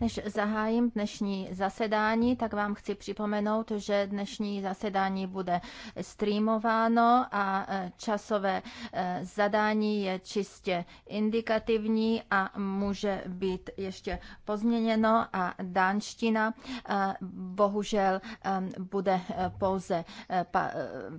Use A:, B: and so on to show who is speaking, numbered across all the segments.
A: Než zahájím dnešní zasedání, tak vám chci připomenout, že dnešní zasedání bude streamováno a e, časové e, zadání je čistě indikativní a může být ještě pozměněno a dánština e, bohužel bude pouze pa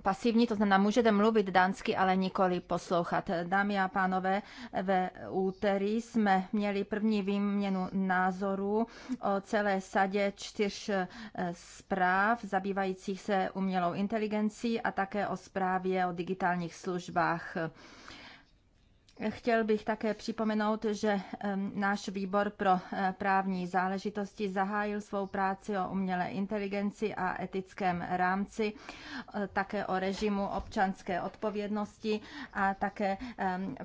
A: pasivní, to znamená, můžete mluvit dánsky, ale nikoli poslouchat. Dámy a pánové, ve úterý jsme měli první výměnu názorů výborů o celé sadě čtyř eh, zpráv zabývajících se umělou inteligencí a také o zprávě o digitálních službách. Chtěl bych také připomenout, že náš výbor pro eh, právní záležitosti zahájil svou práci o umělé inteligenci a etickém rámci, eh, také o režimu občanské odpovědnosti a také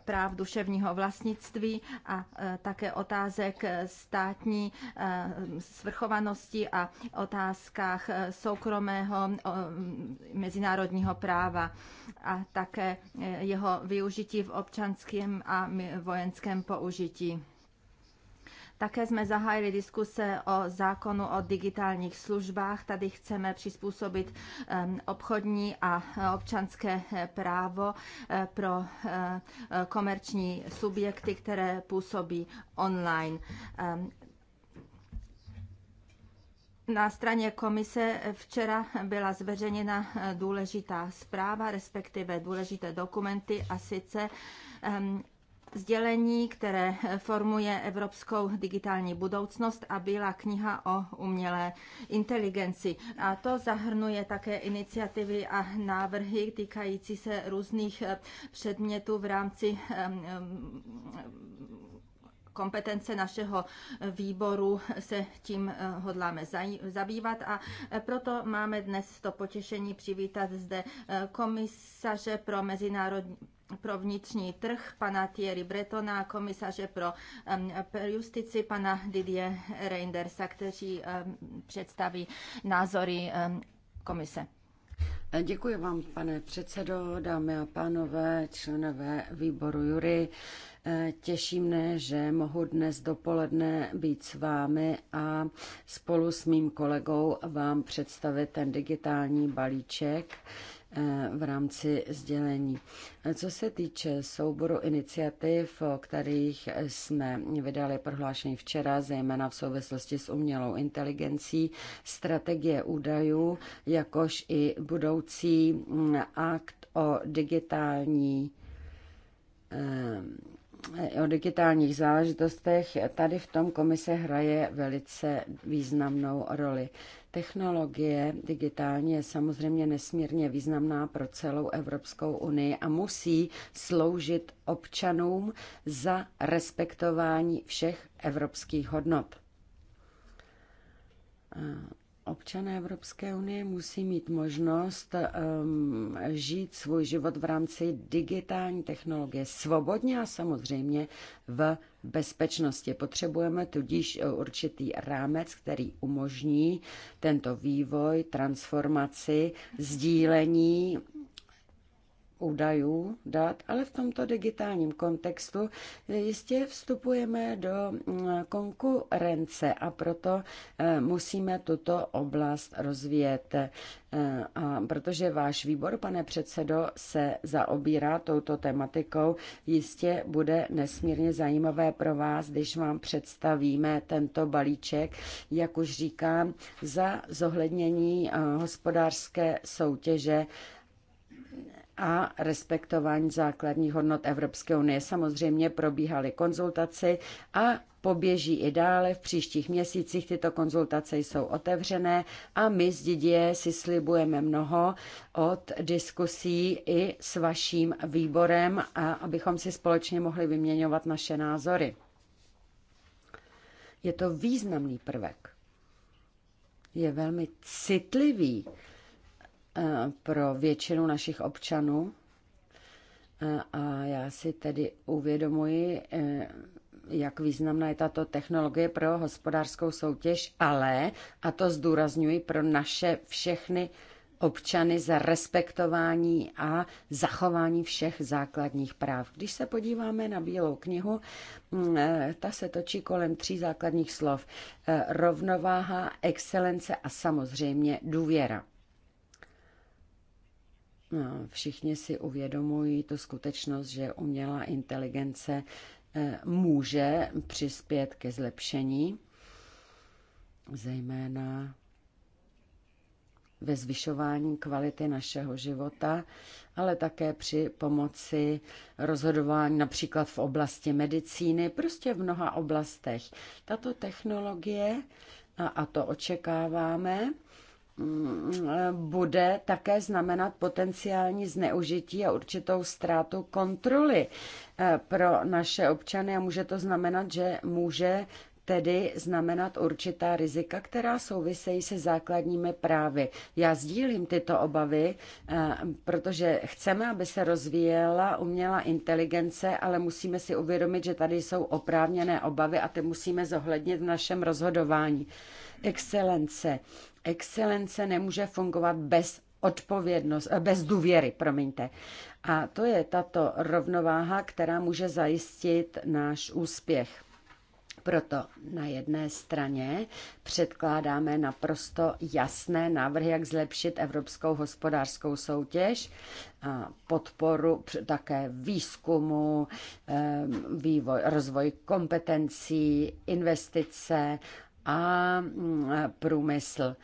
A: práv duševního vlastnictví a eh, také otázek státní svrchovanosti a otázkách soukromého mezinárodního práva a také jeho využití v občanské vojenském a vojenském použití. Také jsme zahájili diskuse o zákonu o digitálních službách. Tady chceme přizpůsobit obchodní a e, občanské e, právo e, pro komerční subjekty, které působí online. Na straně komise včera byla zveřejněna důležitá zpráva, respektive důležité dokumenty a sice sdělení, které formuje evropskou digitální budoucnost a byla kniha o umělé inteligenci. A to zahrnuje také iniciativy a návrhy týkající se různých eh, předmětů v rámci kompetence našeho výboru se tím eh, hodláme zabývat a eh, proto máme dnes to potěšení přivítat zde komisaře pro mezinárodní pro vnitřní trh, pana Thierry Bretona, komisaře pro justici, pana Didier Reindersa, kteří představí názory komise.
B: Děkuji vám, pane předsedo, dámy a pánové, členové výboru Jury. E, těší mne, že mohu dnes dopoledne být s vámi a spolu s mým kolegou vám představit ten digitální balíček, Eh, v rámci sdělení. Co se týče souboru iniciativ, o kterých jsme vydali prohlášení včera, zejména v souvislosti s umělou inteligencí, strategie údajů, jakož i budoucí mm, akt o digitální eh, Eh, o digitálních záležitostech, tady v tom komise hraje velice významnou roli. Technologie digitální je samozřejmě nesmírně významná pro celou Evropskou unii a musí sloužit občanům za respektování všech evropských hodnot eh, Občané Evropské unie musí mít možnost um, žít svůj život v rámci digitální technologie svobodně a samozřejmě v bezpečnosti. Potřebujeme tudíž eh, určitý rámec, který umožní tento vývoj, transformaci, sdílení údajů, dat, ale v tomto digitálním kontextu jistě vstupujeme do mm, konkurence a proto eh, musíme tuto oblast rozvíjet. Eh, a protože váš výbor, pane předsedo, se zaobírá touto tematikou, jistě bude nesmírně zajímavé pro vás, když vám představíme tento balíček, jak už říkám, za zohlednění eh, hospodářské soutěže a respektování základních hodnot Evropské unie. Samozřejmě probíhaly konzultace a poběží i dále. V příštích měsících tyto konzultace jsou otevřené a my z Didie si slibujeme mnoho od diskusí i s vaším výborem, a abychom si společně mohli vyměňovat naše názory. Je to významný prvek. Je velmi citlivý Eh, pro většinu našich občanů. Eh, a já si tedy uvědomuji, eh, jak významná je tato technologie pro hospodářskou soutěž, ale, a to zdůrazňuji, pro naše všechny občany za respektování a zachování všech základních práv. Když se podíváme na Bílou knihu, mm, ta se točí kolem tří základních slov. Rovnováha, excelence a samozřejmě důvěra všichni si uvědomují tu skutečnost, že umělá inteligence eh, může přispět ke zlepšení, zejména ve zvyšování kvality našeho života, ale také při pomoci rozhodování například v oblasti medicíny, prostě v mnoha oblastech. Tato technologie, a, a to očekáváme, Mm, bude také znamenat potenciální zneužití a určitou ztrátu kontroly eh, pro naše občany a může to znamenat, že může tedy znamenat určitá rizika, která souvisejí se základními právy. Já sdílím tyto obavy, eh, protože chceme, aby se rozvíjela umělá inteligence, ale musíme si uvědomit, že tady jsou oprávněné obavy a ty musíme zohlednit v našem rozhodování. Excelence Excelence nemůže fungovat bez odpovědnost, eh, bez důvěry, promiňte. A to je tato rovnováha, která může zajistit náš úspěch. Proto na jedné straně předkládáme naprosto jasné návrhy, jak zlepšit evropskou hospodářskou soutěž a podporu také výzkumu, eh, vývoj, rozvoj kompetencí, investice Mm, a průmysl.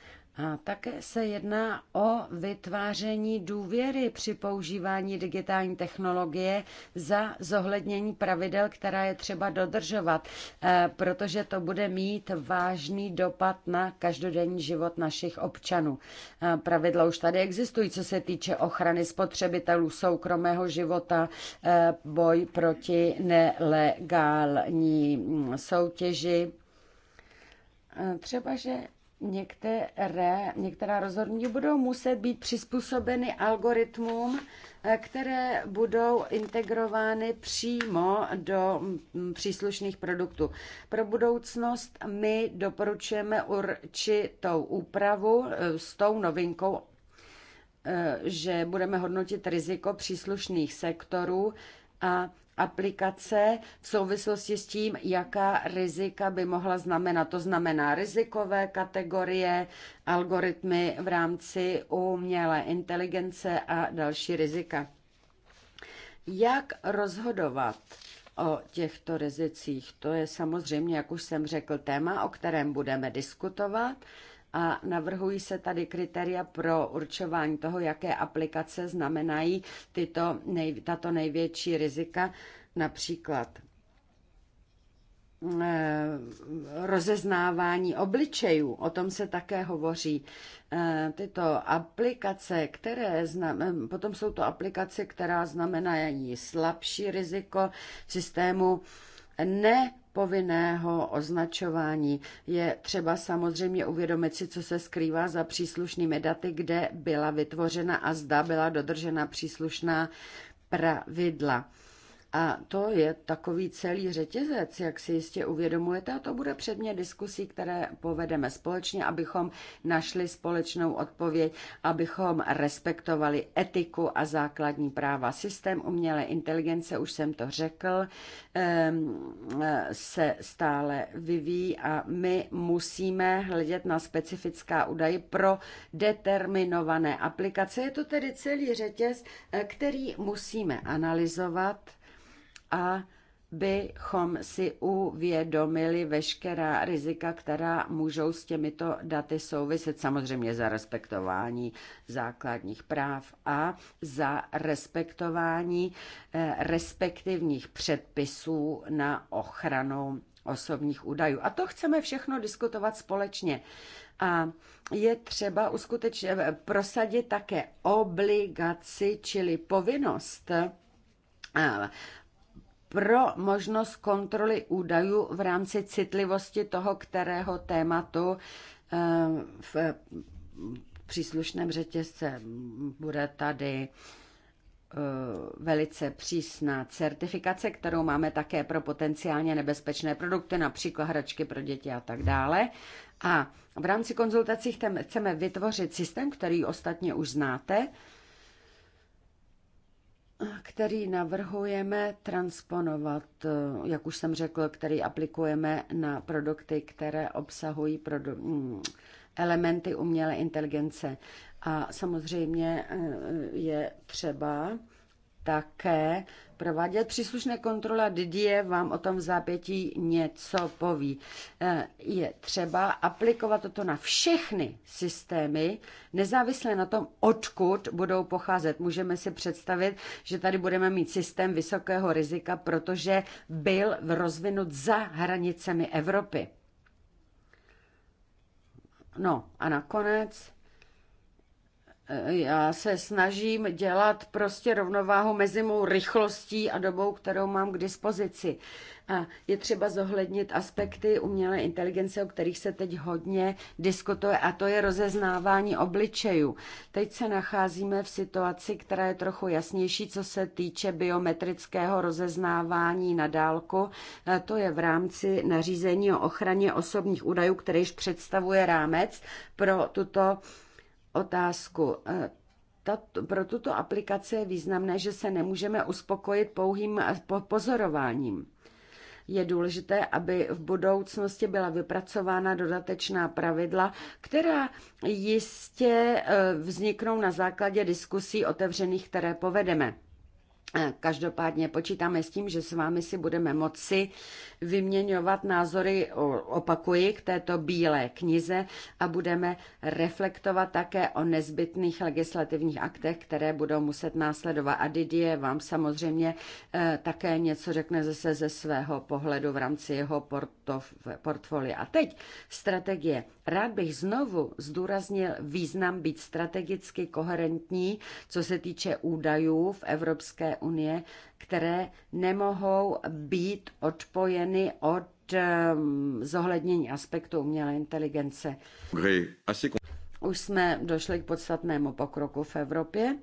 B: A také se jedná o vytváření důvěry při používání digitální technologie za zohlednění pravidel, která je třeba dodržovat, e, protože to bude mít vážný dopad na každodenní život našich občanů. E, pravidla už tady existují, co se týče ochrany spotřebitelů, soukromého života, e, boj proti nelegální soutěži Eh, třeba, že některé, některá rozhodnutí budou muset být přizpůsobeny algoritmům, eh, které budou integrovány přímo do mm, příslušných produktů. Pro budoucnost my doporučujeme určitou úpravu eh, s tou novinkou, že budeme hodnotit riziko příslušných sektorů a aplikace v souvislosti s tím, jaká rizika by mohla znamenat. To znamená rizikové kategorie, algoritmy v rámci umělé inteligence a další rizika. Jak rozhodovat o těchto rizicích? To je samozřejmě, jak už jsem řekl, téma, o kterém budeme diskutovat a navrhují se tady kritéria pro určování toho, jaké aplikace znamenají tyto nej, tato největší rizika, například eh, rozeznávání obličejů, o tom se také hovoří. Eh, tyto aplikace, které znamená, eh, potom jsou to aplikace, která znamenají slabší riziko systému ne povinného označování. Je třeba samozřejmě uvědomit si, co se skrývá za příslušnými daty, kde byla vytvořena a zda byla dodržena příslušná pravidla. A to je takový celý řetězec, jak si jistě uvědomujete, a to bude předmět diskusí, které povedeme společně, abychom našli společnou odpověď, abychom respektovali etiku a základní práva. Systém umělé inteligence, už jsem to řekl, se stále vyvíjí a my musíme hledět na specifická údaje pro determinované aplikace. Je to tedy celý řetěz, eh, který musíme analyzovat a bychom si uvědomili veškerá rizika, která můžou s těmito daty souviset, samozřejmě za respektování základních práv a za respektování eh, respektivních předpisů na ochranu osobních údajů. A to chceme všechno diskutovat společně. A je třeba uskutečně eh, prosadit také obligaci, čili povinnost eh, pro možnost kontroly údajů v rámci citlivosti toho, kterého tématu ehm, v příslušném řetězce bude tady eh, velice přísná certifikace, kterou máme také pro potenciálně nebezpečné produkty, například hračky pro děti a tak dále. A v rámci konzultací chceme vytvořit systém, který ostatně už znáte, který navrhujeme transponovat, eh, jak už jsem řekl, který aplikujeme na produkty, které obsahují produ- mm, elementy umělé inteligence. A samozřejmě eh, je třeba také provádět příslušné a Didier vám o tom v zápětí něco poví. Eh, je třeba aplikovat toto na všechny systémy, nezávisle na tom, odkud budou pocházet. Můžeme si představit, že tady budeme mít systém vysokého rizika, protože byl rozvinut za hranicemi Evropy. No a nakonec já se snažím dělat prostě rovnováhu mezi mou rychlostí a dobou, kterou mám k dispozici. A je třeba zohlednit aspekty umělé inteligence, o kterých se teď hodně diskutuje, a to je rozeznávání obličejů. Teď se nacházíme v situaci, která je trochu jasnější, co se týče biometrického rozeznávání na dálku. to je v rámci nařízení o ochraně osobních údajů, které již představuje rámec pro tuto otázku. E, tato, pro tuto aplikaci je významné, že se nemůžeme uspokojit pouhým e, pozorováním. Je důležité, aby v budoucnosti byla vypracována dodatečná pravidla, která jistě e, vzniknou na základě diskusí otevřených, které povedeme. Eh, každopádně počítáme s tím, že s vámi si budeme moci vyměňovat názory, opakuji, k této bílé knize a budeme reflektovat také o nezbytných legislativních aktech, které budou muset následovat. A Didier vám samozřejmě eh, také něco řekne zase ze svého pohledu v rámci jeho portfolia. A teď strategie. Rád bych znovu zdůraznil význam být strategicky koherentní, co se týče údajů v Evropské unie, které nemohou být odpojeny od ehm, zohlednění aspektu umělé inteligence. Už jsme došli k podstatnému pokroku v Evropě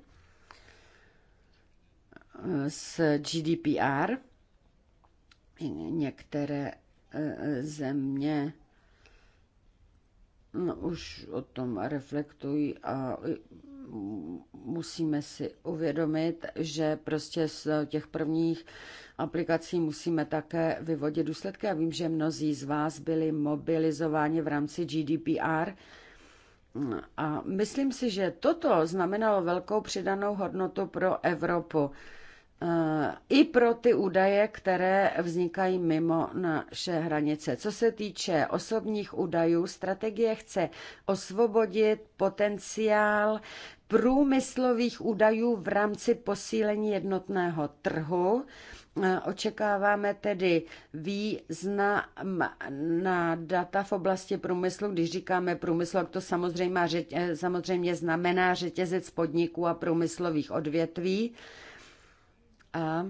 B: eh, s GDPR. Některé eh, země no, už o tom reflektují a musíme si uvědomit, že prostě z těch prvních aplikací musíme také vyvodit důsledky. Já vím, že mnozí z vás byli mobilizováni v rámci GDPR. A myslím si, že toto znamenalo velkou přidanou hodnotu pro Evropu. Eh, I pro ty údaje, které vznikají mimo naše hranice. Co se týče osobních údajů, strategie chce osvobodit potenciál průmyslových údajů v rámci posílení jednotného trhu. Eh, očekáváme tedy význam na data v oblasti průmyslu. Když říkáme průmysl, to samozřejmě, eh, samozřejmě znamená řetězec podniků a průmyslových odvětví. A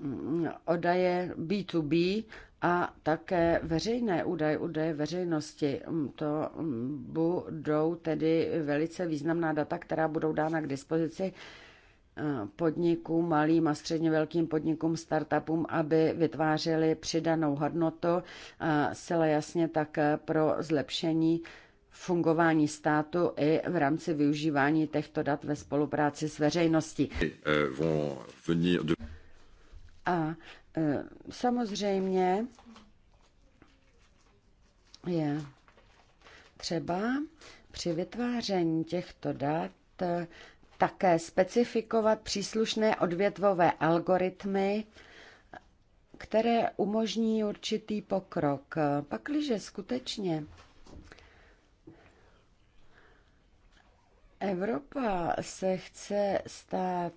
B: mm, odaje B2B a také veřejné údaje, údaje veřejnosti. Mm, to mm, budou tedy velice významná data, která budou dána k dispozici eh, podnikům, malým a středně velkým podnikům, startupům, aby vytvářeli přidanou hodnotu, eh, zcela jasně tak pro zlepšení fungování státu i v rámci využívání těchto dat ve spolupráci s veřejností.
C: Eh,
B: a Eh, samozřejmě je třeba při vytváření těchto dat eh, také specifikovat příslušné odvětvové algoritmy, které umožní určitý pokrok. Pakliže skutečně Evropa se chce stát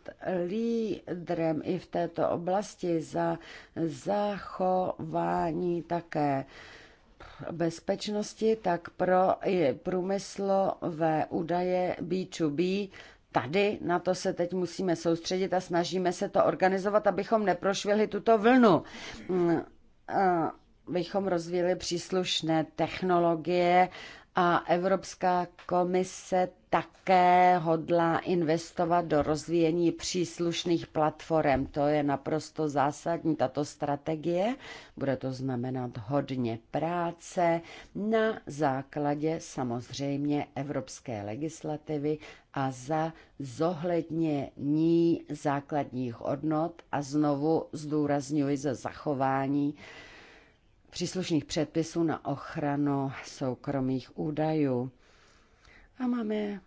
B: lídrem i v této oblasti za zachování také bezpečnosti, tak pro průmyslové údaje B2B. Tady na to se teď musíme soustředit a snažíme se to organizovat, abychom neprošvihli tuto vlnu. Mm, abychom rozvíjeli příslušné technologie, a Evropská komise také hodlá investovat do rozvíjení příslušných platform. To je naprosto zásadní, tato strategie. Bude to znamenat hodně práce na základě samozřejmě evropské legislativy a za zohlednění základních hodnot a znovu zdůrazňuji za zachování příslušných předpisů na ochranu soukromých údajů. A máme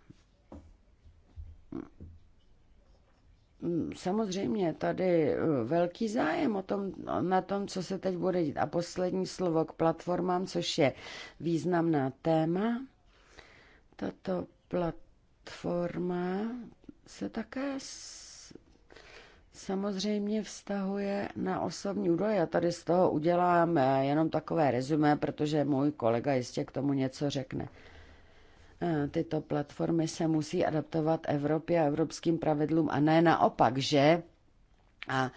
B: mm, samozřejmě tady eh, velký zájem o tom, na tom, co se teď bude dít. A poslední slovo k platformám, což je významná téma. Tato platforma se také samozřejmě vztahuje na osobní údaje. Já tady z toho udělám eh, jenom takové rezumé, protože můj kolega jistě k tomu něco řekne. Eh, tyto platformy se musí adaptovat Evropě a evropským pravidlům a ne naopak, že? A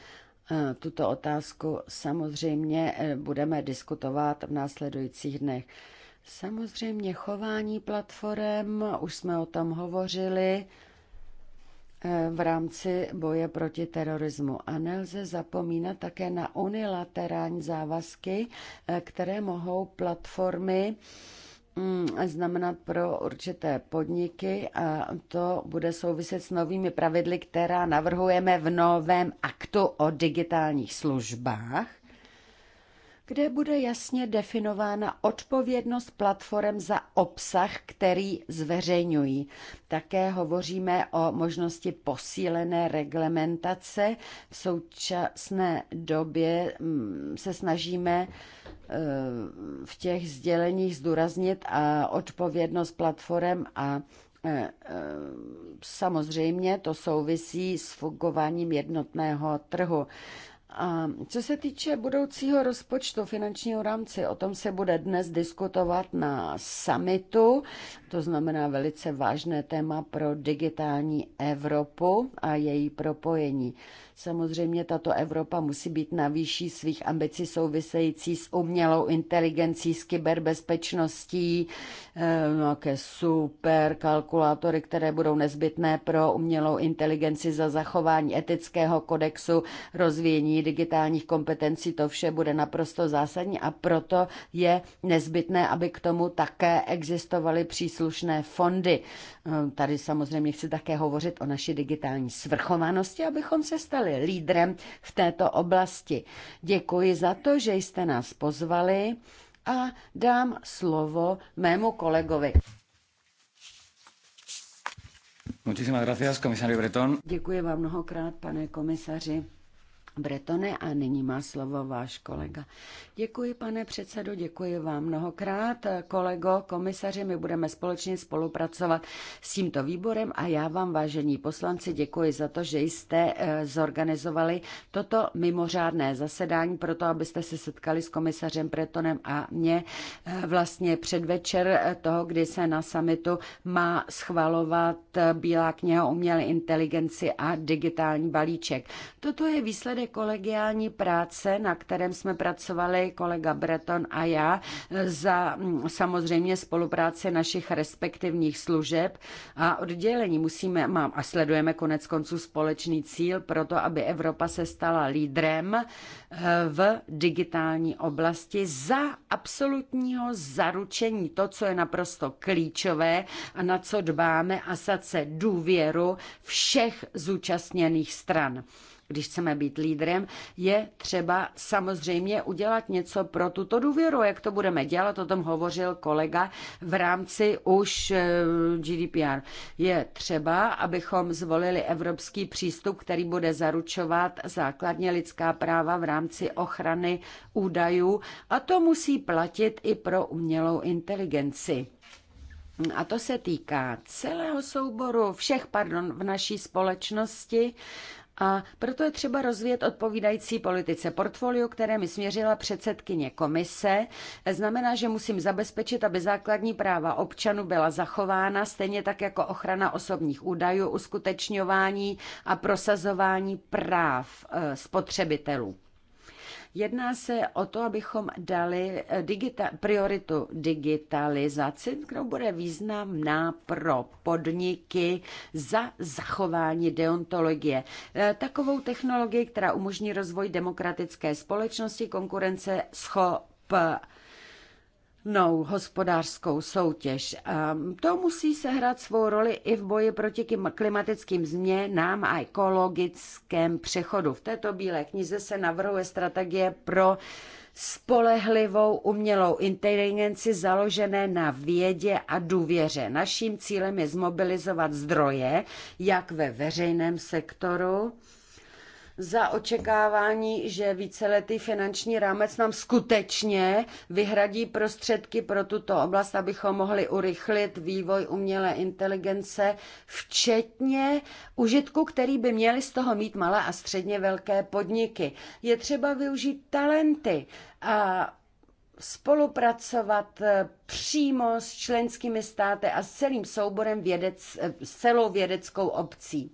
B: eh, tuto otázku samozřejmě budeme diskutovat v následujících dnech. Samozřejmě chování platform, už jsme o tom hovořili, v rámci boje proti terorismu. A nelze zapomínat také na unilaterální závazky, eh, které mohou platformy mm, znamenat pro určité podniky a to bude souviset s novými pravidly, která navrhujeme v novém aktu o digitálních službách kde bude jasně definována odpovědnost platform za obsah, který zveřejňují. Také hovoříme o možnosti posílené reglementace. V současné době mm, se snažíme eh, v těch sděleních zdůraznit a odpovědnost platform a eh, eh, Samozřejmě to souvisí s fungováním jednotného trhu. A co se týče budoucího rozpočtu finančního rámce, o tom se bude dnes diskutovat na summitu, to znamená velice vážné téma pro digitální Evropu a její propojení. Samozřejmě tato Evropa musí být na výši svých ambicí související s umělou inteligencí, s kyberbezpečností, eh, nějaké super kalkulátory, které budou nezbytné pro umělou inteligenci za zachování etického kodexu, rozvíjení digitálních kompetencí, to vše bude naprosto zásadní a proto je nezbytné, aby k tomu také existovaly příslušné fondy. Eh, tady samozřejmě chci také hovořit o naší digitální svrchovanosti, abychom se stali stali lídrem v této oblasti. Děkuji za to, že jste nás pozvali a dám slovo mému kolegovi. Děkuji vám mnohokrát, pane komisaři. Bretone a nyní má slovo váš kolega. Děkuji, pane předsedo, děkuji vám mnohokrát. Kolego, komisaři, my budeme společně spolupracovat s tímto výborem a já vám, vážení poslanci, děkuji za to, že jste eh, zorganizovali toto mimořádné zasedání proto, abyste se setkali s komisařem Bretonem a mě eh, vlastně předvečer eh, toho, kdy se na samitu má schvalovat Bílá kniha umělé inteligenci a digitální balíček. Toto je výsledek kolegiální práce, na kterém jsme pracovali kolega Breton a já, za mm, samozřejmě spolupráce našich respektivních služeb a oddělení musíme, mám a sledujeme konec konců společný cíl pro to, aby Evropa se stala lídrem eh, v digitální oblasti za absolutního zaručení to, co je naprosto klíčové a na co dbáme a sace důvěru všech zúčastněných stran když chceme být lídrem, je třeba samozřejmě udělat něco pro tuto důvěru. Jak to budeme dělat, o tom hovořil kolega v rámci už eh, GDPR. Je třeba, abychom zvolili evropský přístup, který bude zaručovat základně lidská práva v rámci ochrany údajů a to musí platit i pro umělou inteligenci. A to se týká celého souboru všech, pardon, v naší společnosti, a proto je třeba rozvíjet odpovídající politice. Portfolio, které mi směřila předsedkyně komise, znamená, že musím zabezpečit, aby základní práva občanů byla zachována, stejně tak jako ochrana osobních údajů, uskutečňování a prosazování práv eh, spotřebitelů. Jedná se o to, abychom dali eh, digita- prioritu digitalizaci, kterou bude významná pro podniky za zachování deontologie. Eh, takovou technologii, která umožní rozvoj demokratické společnosti, konkurence schop rovnou hospodářskou soutěž. Ehm, to musí sehrát svou roli i v boji proti klimatickým změnám a ekologickém přechodu. V této bílé knize se navrhuje strategie pro spolehlivou umělou inteligenci založené na vědě a důvěře. Naším cílem je zmobilizovat zdroje, jak ve veřejném sektoru, za očekávání, že víceletý finanční rámec nám skutečně vyhradí prostředky pro tuto oblast, abychom mohli urychlit vývoj umělé inteligence, včetně užitku, který by měly z toho mít malé a středně velké podniky. Je třeba využít talenty a spolupracovat eh, přímo s členskými státy a s celým souborem vědec, eh, s celou vědeckou obcí.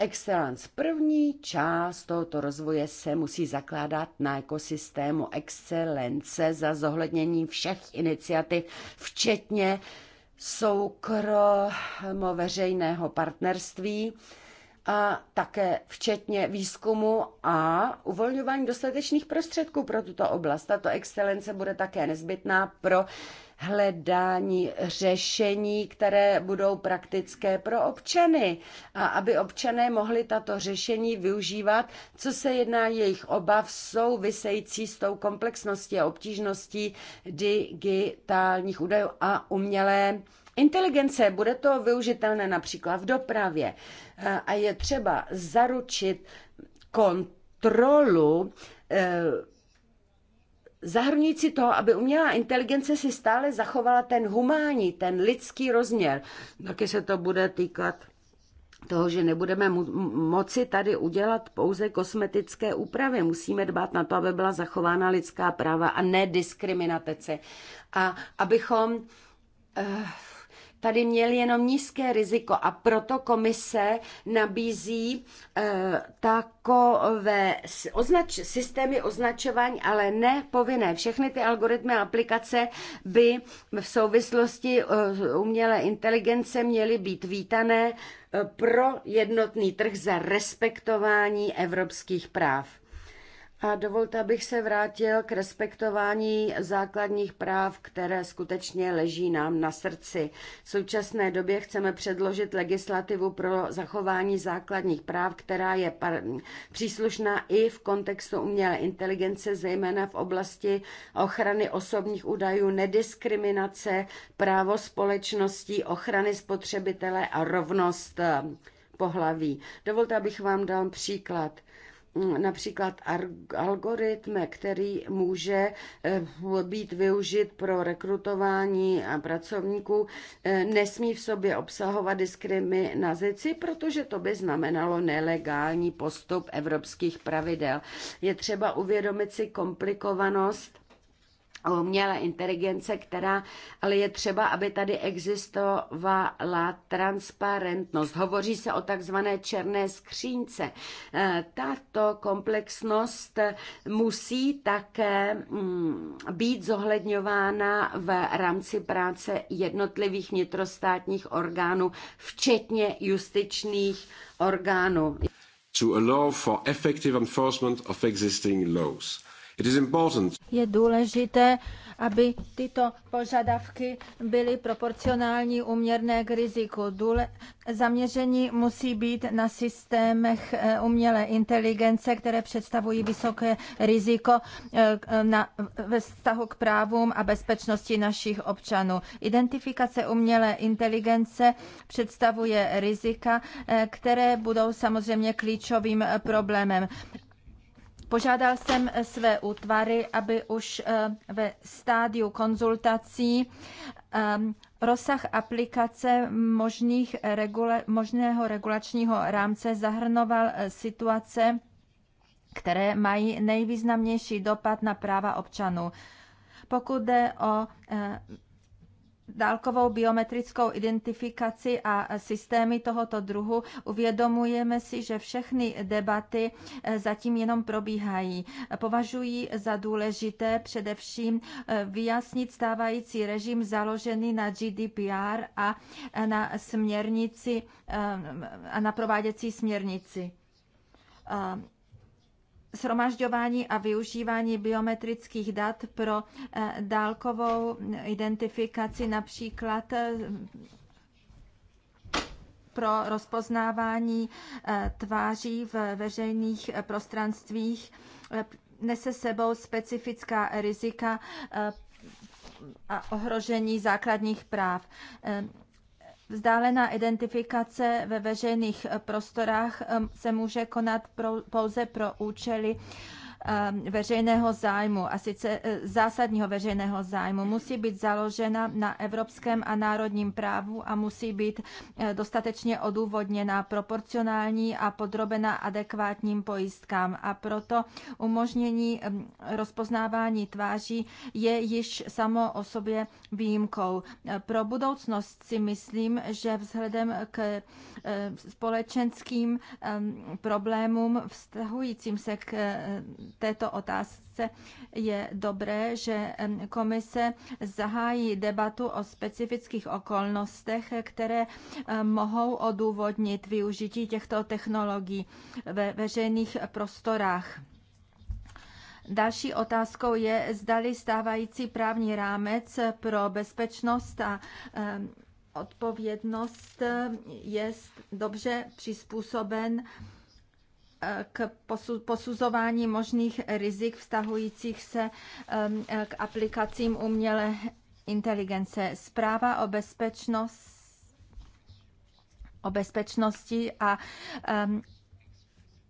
B: Excellence. První část tohoto rozvoje se musí zakládat na ekosystému excelence za zohlednění všech iniciativ, včetně soukromo veřejného partnerství a také včetně výzkumu a uvolňování dostatečných prostředků pro tuto oblast. Tato excelence bude také nezbytná pro hledání řešení, které budou praktické pro občany a aby občané mohli tato řešení využívat, co se jedná jejich obav související s tou komplexností a obtížností digitálních údajů a umělé inteligence. Bude to využitelné například v dopravě a je třeba zaručit kontrolu eh, zahrnující to, aby umělá inteligence si stále zachovala ten humánní, ten lidský rozměr. Taky se to bude týkat toho, že nebudeme moci tady udělat pouze kosmetické úpravy. Musíme dbát na to, aby byla zachována lidská práva a ne diskriminace. A abychom eh, tady měli jenom nízké riziko a proto komise nabízí e, takové označ, systémy označování, ale ne povinné. Všechny ty algoritmy a aplikace by v souvislosti e, umělé inteligence měly být vítané e, pro jednotný trh za respektování evropských práv. A dovolte, abych se vrátil k respektování základních práv, které skutečně leží nám na srdci. V současné době chceme předložit legislativu pro zachování základních práv, která je příslušná i v kontextu umělé inteligence, zejména v oblasti ochrany osobních údajů, nediskriminace, právo společností, ochrany spotřebitele a rovnost eh, pohlaví. Dovolte, abych vám dal příklad například algoritm, který může eh, být využit pro rekrutování pracovníků, eh, nesmí v sobě obsahovat diskriminaci, protože to by znamenalo nelegální postup evropských pravidel. Je třeba uvědomit si komplikovanost umělé inteligence, která, ale je třeba, aby tady existovala transparentnost. Hovoří se o takzvané černé skřínce. Eh, tato komplexnost musí také mm, být zohledňována v rámci práce jednotlivých vnitrostátních orgánů, včetně justičních orgánů.
C: To allow for effective enforcement of existing laws.
A: Je důležité, aby tyto požadavky byly proporcionální, uměrné k riziku. Důle... Zaměření musí být na systémech eh, umělé inteligence, které představují vysoké riziko eh, na... ve vztahu k právům a bezpečnosti našich občanů. Identifikace umělé inteligence představuje rizika, eh, které budou samozřejmě klíčovým problémem. Požádal jsem eh, své útvary, aby už eh, ve stádiu konzultací ehm, rozsah aplikace možných regula- možného regulačního rámce zahrnoval eh, situace, které mají nejvýznamnější dopad na práva občanů. Pokud jde o dálkovou biometrickou identifikaci a systémy tohoto druhu, uvědomujeme si, že všechny debaty eh, zatím jenom probíhají. Považují za důležité především eh, vyjasnit stávající režim založený na GDPR a eh, na směrnici a na prováděcí směrnici shromažďování a využívání biometrických dat pro eh, dálkovou identifikaci například eh, pro rozpoznávání eh, tváří v veřejných prostranstvích nese sebou specifická rizika a ohrožení základních práv. Vzdálená identifikace ve veřejných prostorách um, se může konat pouze pro účely Eh, veřejného zájmu, a sice eh, zásadního veřejného zájmu, musí být založena na evropském a národním právu a musí být eh, dostatečně odůvodněna, proporcionální a podrobena adekvátním pojistkám. A proto umožnění rozpoznávání tváří je již samo o sobě výjimkou. Pro budoucnost si myslím, že vzhledem k společenským problémům vztahujícím se k této otázce je dobré, že komise zahájí debatu o specifických okolnostech, které mohou odůvodnit využití těchto technologií ve veřejných prostorách. Další otázkou je, zdali stávající právní rámec pro bezpečnost a odpovědnost je dobře přizpůsoben k posuzování možných rizik vztahujících se um, k aplikacím umělé inteligence. Zpráva o bezpečnosti o bezpečnosti a um,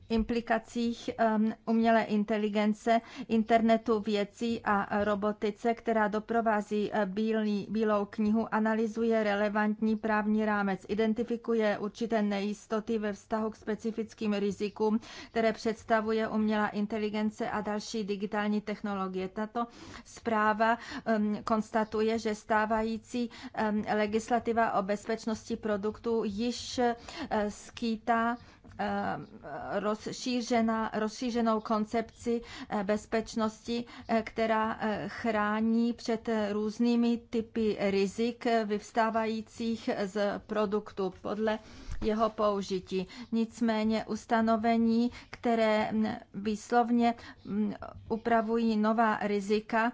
A: implikacích ehm, umělé inteligence, internetu věcí a robotice, která doprovází eh, bílý, bílou knihu, analyzuje relevantní právní rámec, identifikuje určité nejistoty ve vztahu k specifickým rizikům, které představuje umělá inteligence a další digitální technologie. Tato zpráva um, konstatuje, že stávající um, legislativa o bezpečnosti produktů již uh, skýtá Eh, rozšířena, rozšířenou koncepci eh, bezpečnosti, eh, která chrání před různými typy rizik vyvstávajících z produktu podle jeho použití. Nicméně ustanovení, které mm, výslovně mm, upravují nová rizika,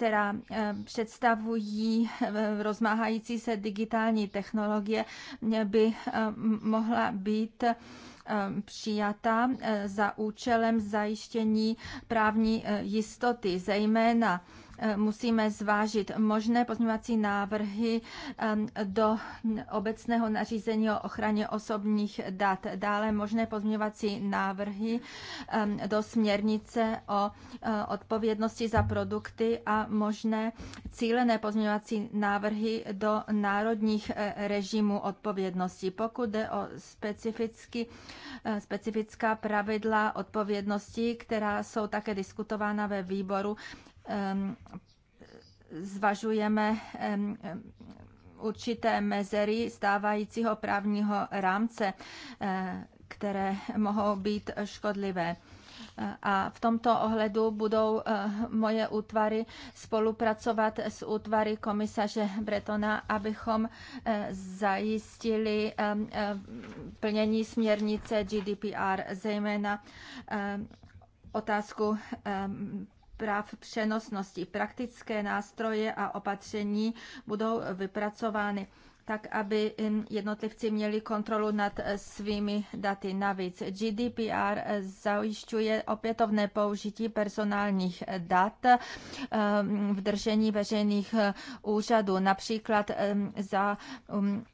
A: která eh, představují eh, rozmáhající se digitální technologie, eh, by mohla být přijata za účelem zajištění právní jistoty, zejména musíme zvážit možné pozměňovací návrhy um, do obecného nařízení o ochraně osobních dat. Dále možné pozměňovací návrhy um, do směrnice o uh, odpovědnosti za produkty a možné cílené pozměňovací návrhy do národních uh, režimů odpovědnosti. Pokud jde o specificky, uh, specifická pravidla odpovědnosti, která jsou také diskutována ve výboru, zvažujeme určité mezery stávajícího právního rámce, eh, které mohou být škodlivé. A v tomto ohledu budou eh, moje útvary spolupracovat s útvary komisaře Bretona, abychom eh, zajistili plnění směrnice GDPR, zejména otázku práv přenosnosti. Praktické nástroje a opatření budou vypracovány tak, aby jednotlivci měli kontrolu nad eh, svými daty. Navíc GDPR eh, zajišťuje opětovné použití personálních eh, dat v držení veřejných úřadů, například za mm,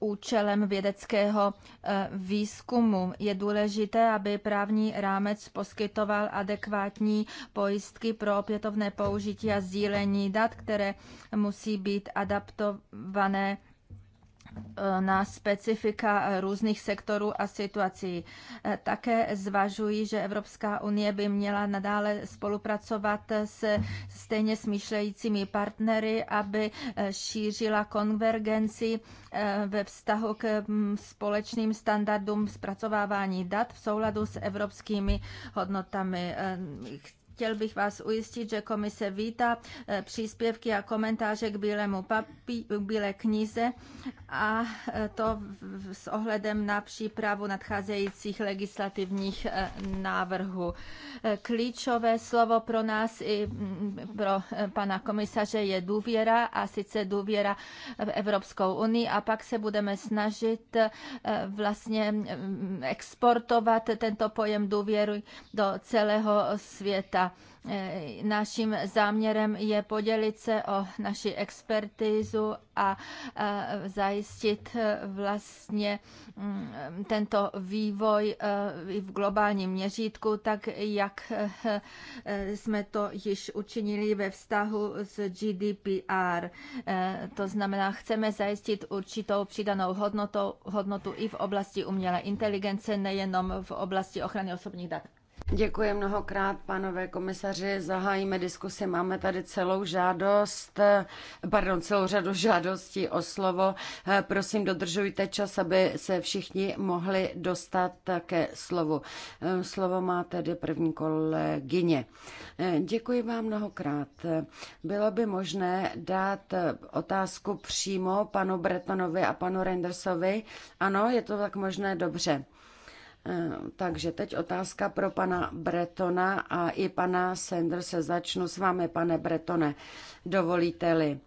A: účelem vědeckého eh, výzkumu. Je důležité, aby právní rámec poskytoval adekvátní pojistky pro opětovné použití a sdílení dat, které musí být adaptované Eh, na specifika eh, různých sektorů a situací. Eh, také zvažuji, že Evropská unie by měla nadále spolupracovat s stejně smýšlejícími partnery, aby šířila konvergenci ve vztahu k mm, společným standardům zpracovávání dat v souladu s evropskými hodnotami. Chtěl bych vás ujistit, že komise vítá eh, příspěvky a komentáře k Bílému papí, k Bílé knize a eh, to s ohledem na přípravu nadcházejících legislativních eh, návrhů. Klíčové slovo pro nás i pro pana komisaře je důvěra a sice důvěra v Evropskou unii a pak se budeme snažit vlastně mm, exportovat tento pojem důvěry do celého světa Eh, naším záměrem je podělit se o naši expertizu a zajistit eh, vlastně mm, tento vývoj eh, v globálním měřítku, tak jak jsme to již učinili ve vztahu s GDPR. To znamená, chceme zajistit určitou přidanou hodnotu, hodnotu i v oblasti umělé inteligence, nejenom v oblasti ochrany osobních dat. Děkuji mnohokrát, pánové komisaři. Zahájíme diskusi.
B: Máme tady celou žádost, pardon, celou řadu žádostí o slovo. Prosím, dodržujte čas, aby se všichni mohli dostat ke slovu. Slovo má tedy první kolegyně. Děkuji vám mnohokrát. Bylo by možné dát otázku přímo panu Bretonovi a panu Rendersovi? Ano, je to tak možné? Dobře. Eh, takže teď otázka pro pana Bretona a i pana Sandersa. se začnu s vámi, pane Bretone, dovolíte-li.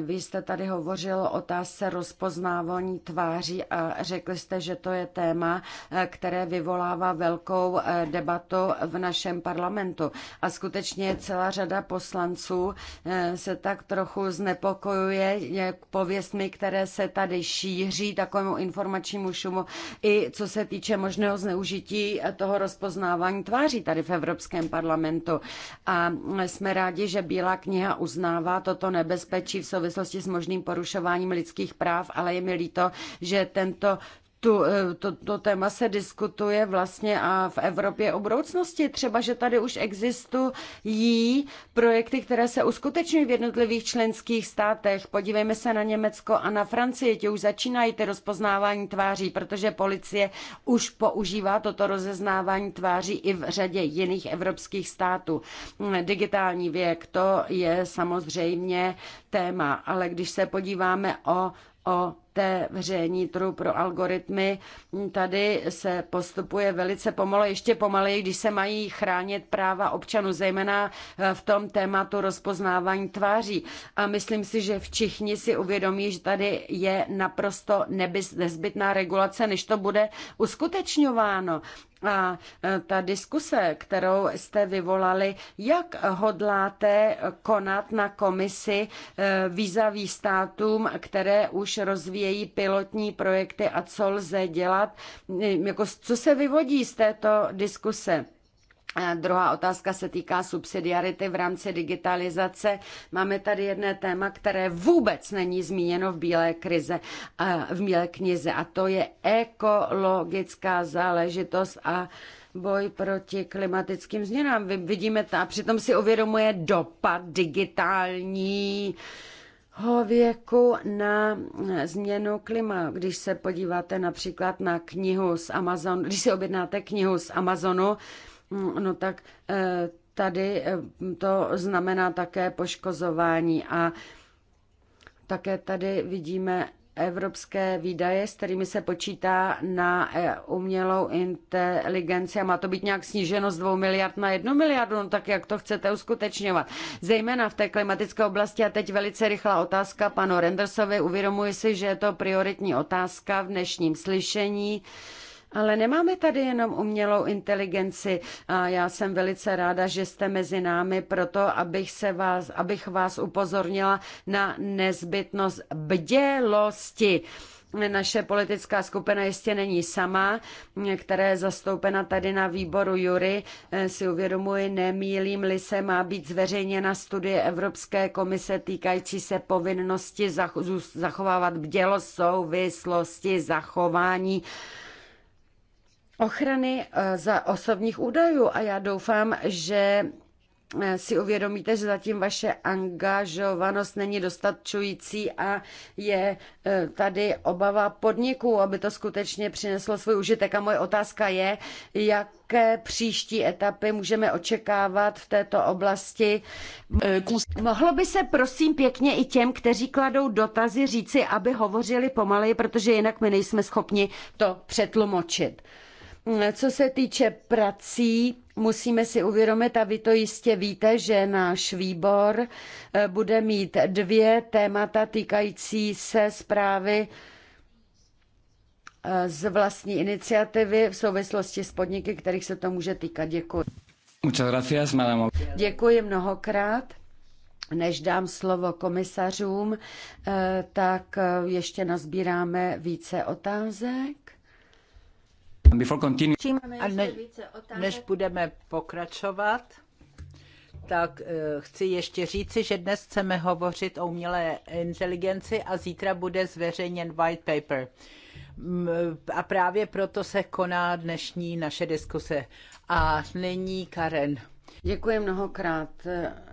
B: Vy jste tady hovořil o otázce rozpoznávání tváří a řekli jste, že to je téma, které vyvolává velkou eh, debatu v našem parlamentu. A skutečně celá řada poslanců eh, se tak trochu znepokojuje jak pověstmi, které se tady šíří takovému informačnímu šumu, i co se týče možného zneužití toho rozpoznávání tváří tady v Evropském parlamentu. A jsme rádi, že Bílá kniha uznává toto nebezpečí v souvislosti s možným porušováním lidských práv, ale je mi líto, že tento tu, eh, to, to téma se diskutuje vlastně a v Evropě o budoucnosti. Třeba, že tady už existují projekty, které se uskutečňují v jednotlivých členských státech. Podívejme se na Německo a na Francii. Ti už začínají ty rozpoznávání tváří, protože policie už používá toto rozeznávání tváří i v řadě jiných evropských států. Digitální věk, to je samozřejmě téma, ale když se podíváme o, o otevření trhu pro algoritmy. Tady se postupuje velice pomalu, ještě pomaleji, když se mají chránit práva občanů, zejména eh, v tom tématu rozpoznávání tváří. A myslím si, že všichni si uvědomí, že tady je naprosto nezbytná regulace, než to bude uskutečňováno. A e, ta diskuse, kterou jste vyvolali, jak hodláte konat na komisi e, výzaví státům, které už rozvíjejí pilotní projekty a co lze dělat, e, jako co se vyvodí z této diskuse? druhá otázka se týká subsidiarity v rámci digitalizace. Máme tady jedné téma, které vůbec není zmíněno v Bílé, krize, v Bílé knize a to je ekologická záležitost a boj proti klimatickým změnám. Vidíme to a přitom si uvědomuje dopad digitální věku na změnu klima. Když se podíváte například na knihu z Amazonu, když si objednáte knihu z Amazonu, Mm, no tak eh, tady eh, to znamená také poškozování a také tady vidíme evropské výdaje, s kterými se počítá na eh, umělou inteligenci a má to být nějak sníženo z 2 miliard na 1 miliardu, no tak jak to chcete uskutečňovat? Zejména v té klimatické oblasti a teď velice rychlá otázka panu Rendersovi. Uvědomuji si, že je to prioritní otázka v dnešním slyšení. Uh, ale nemáme tady jenom umělou inteligenci a já jsem velice ráda, že jste mezi námi proto, abych, se vás, abych vás upozornila na nezbytnost bdělosti naše politická skupina jistě není sama, která je zastoupena tady na výboru Jury. Eh, si uvědomuji, nemýlím-li se, má být zveřejněna studie Evropské komise týkající se povinnosti zachovávat bdělost souvislosti zachování ochrany eh, za osobních údajů a já doufám, že eh, si uvědomíte, že zatím vaše angažovanost není dostačující a je eh, tady obava podniků, aby to skutečně přineslo svůj užitek. A moje otázka je, jaké příští etapy můžeme očekávat v této oblasti. Mohlo by se prosím pěkně i těm, kteří kladou dotazy, říci, aby hovořili pomaleji, protože jinak my nejsme schopni to přetlumočit. Co se týče prací, musíme si uvědomit, a vy to jistě víte, že náš výbor eh, bude mít dvě témata týkající se zprávy eh, z vlastní iniciativy v souvislosti s podniky, kterých se to může týkat. Děkuji. Gracias, Děkuji mnohokrát. Než dám slovo komisařům, eh, tak ještě nazbíráme více otázek.
A: A ne, než
C: budeme pokračovat, tak eh, chci ještě říci, že dnes chceme hovořit o umělé inteligenci a zítra bude zveřejněn white paper. A právě proto se koná dnešní naše diskuse. A nyní Karen. Děkuji mnohokrát.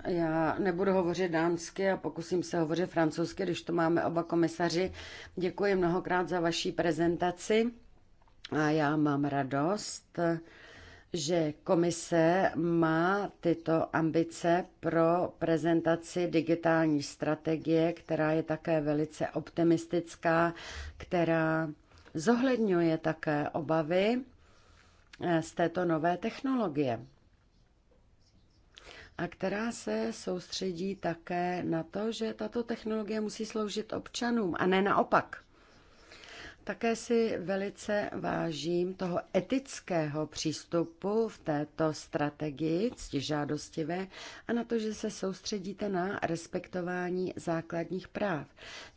C: Já
B: nebudu hovořit dánsky a pokusím se hovořit francouzsky, když to máme oba komisaři. Děkuji mnohokrát za vaší prezentaci. A já mám radost, že komise má tyto ambice pro prezentaci digitální strategie, která je také velice optimistická, která zohledňuje také obavy eh, z této nové technologie a která se soustředí také na to, že tato technologie musí sloužit občanům a ne naopak. Také si velice vážím toho etického přístupu v této strategii ctižádostivé a na to, že se soustředíte na respektování základních práv.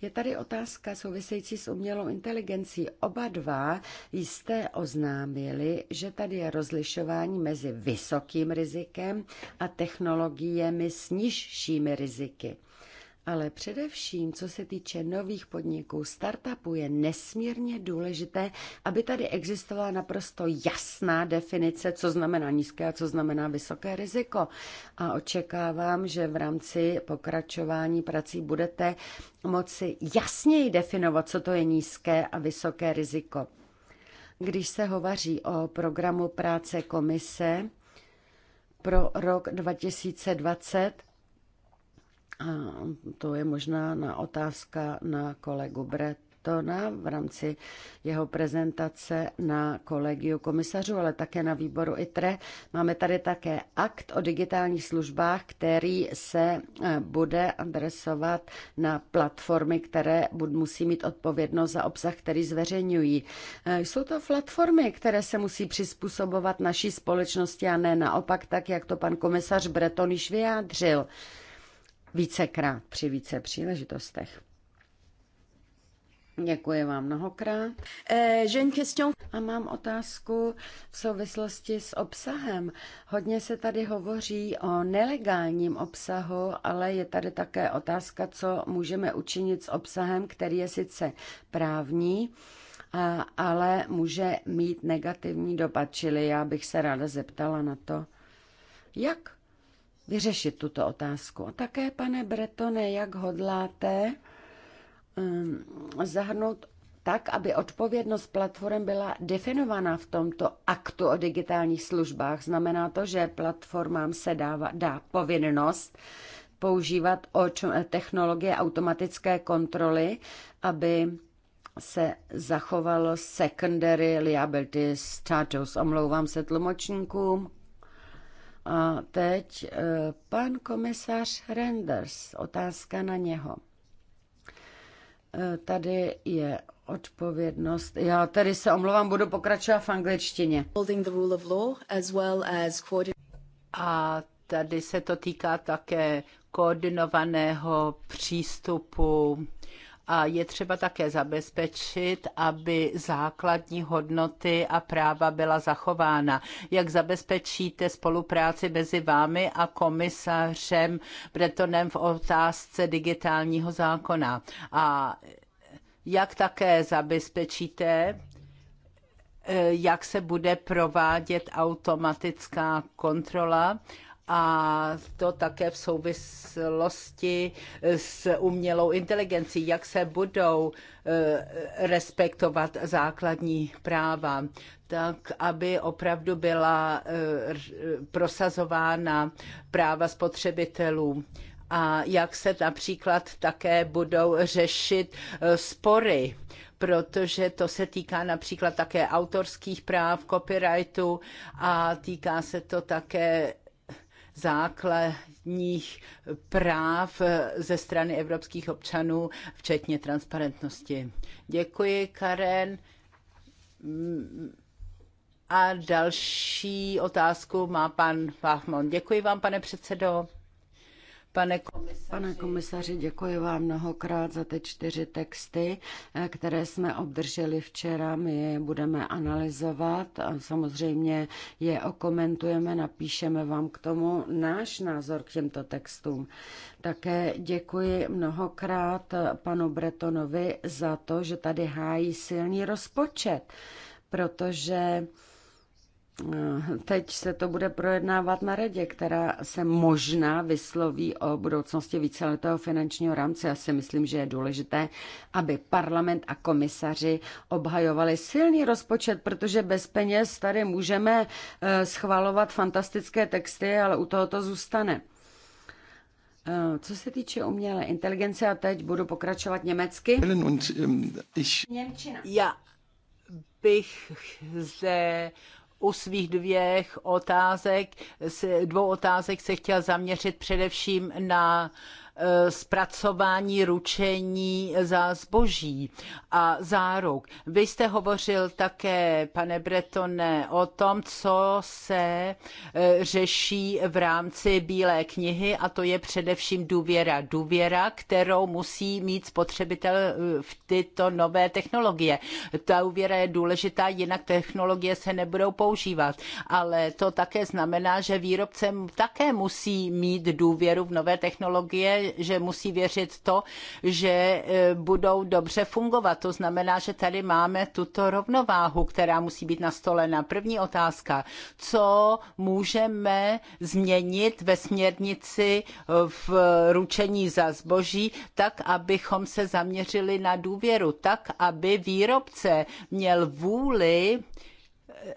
B: Je tady otázka související s umělou inteligencí. Oba dva jste oznámili, že tady je rozlišování mezi vysokým rizikem a technologiemi s nižšími riziky ale především, co se týče nových podniků, startupů, je nesmírně důležité, aby tady existovala naprosto jasná definice, co znamená nízké a co znamená vysoké riziko. A očekávám, že v rámci pokračování prací budete moci jasněji definovat, co to je nízké a vysoké riziko. Když se hovaří o programu práce komise pro rok 2020, a to je možná na otázka na kolegu Bretona v rámci jeho prezentace na kolegiu komisařů, ale také na výboru ITRE. Máme tady také akt o digitálních službách, který se eh, bude adresovat na platformy, které musí mít odpovědnost za obsah, který zveřejňují. Eh, jsou to platformy, které se musí přizpůsobovat naší společnosti a ne naopak tak, jak to pan komisař Breton již vyjádřil vícekrát při více příležitostech. Děkuji vám mnohokrát. Eh, a mám otázku v souvislosti s obsahem. Hodně se tady hovoří o nelegálním obsahu, ale je tady také otázka, co můžeme učinit s obsahem, který je sice právní, ale může mít negativní dopad. Čili já bych se ráda zeptala na to, jak vyřešit tuto otázku. A také, pane Bretone, jak hodláte um, zahrnout tak, aby odpovědnost platform byla definovaná v tomto aktu o digitálních službách. Znamená to, že platformám se dává, dá povinnost používat technologie automatické kontroly, aby se zachovalo secondary liability status. Omlouvám se tlumočníkům. A teď eh, pan komisař Renders, otázka na něho. Eh, tady je odpovědnost. Já tady se omlouvám, budu pokračovat v angličtině.
C: A tady se to týká také koordinovaného přístupu a je třeba také zabezpečit, aby základní hodnoty a práva byla zachována. Jak zabezpečíte spolupráci mezi vámi a komisařem Bretonem v otázce digitálního zákona? A jak také zabezpečíte, eh, jak se bude provádět automatická kontrola a to také v souvislosti s umělou inteligencí, jak se budou eh, respektovat základní práva, tak aby opravdu byla eh, prosazována práva spotřebitelů a jak se například také budou řešit eh, spory, protože to se týká například také autorských práv, copyrightu a týká se to také základních práv ze strany evropských občanů, včetně transparentnosti. Děkuji, Karen. A další otázku má pan Fachmon. Děkuji vám, pane předsedo.
B: Pane komisaři. Pane komisaři, děkuji vám mnohokrát za ty čtyři texty, eh, které jsme obdrželi včera. My je budeme analyzovat a samozřejmě je okomentujeme, napíšeme vám k tomu náš názor k těmto textům. Také děkuji mnohokrát panu Bretonovi za to, že tady hájí silný rozpočet, protože Teď se to bude projednávat na radě, která se možná vysloví o budoucnosti víceletého finančního rámce. Já si myslím, že je důležité, aby parlament a komisaři obhajovali silný rozpočet, protože bez peněz tady můžeme eh, schvalovat fantastické texty, ale u toho to zůstane. Eh, co se týče umělé inteligence, a teď budu pokračovat německy. Ehm,
A: Němčina.
C: Já bych zde u svých dvěch otázek, dvou otázek se chtěl zaměřit především na uh, Eh, zpracování ručení za zboží a záruk. Vy jste hovořil také, pane Bretone, o tom, co se eh, řeší v rámci Bílé knihy a to je především důvěra. Důvěra, kterou musí mít spotřebitel eh, v tyto nové technologie. Ta důvěra je důležitá, jinak technologie se nebudou používat. Ale to také znamená, že výrobce také musí mít důvěru v nové technologie, že musí věřit to, že e, budou dobře fungovat. To znamená, že tady máme tuto rovnováhu, která musí být nastolena. První otázka, co můžeme změnit ve směrnici e, v ručení za zboží, tak, abychom se zaměřili na důvěru, tak, aby výrobce měl vůli e,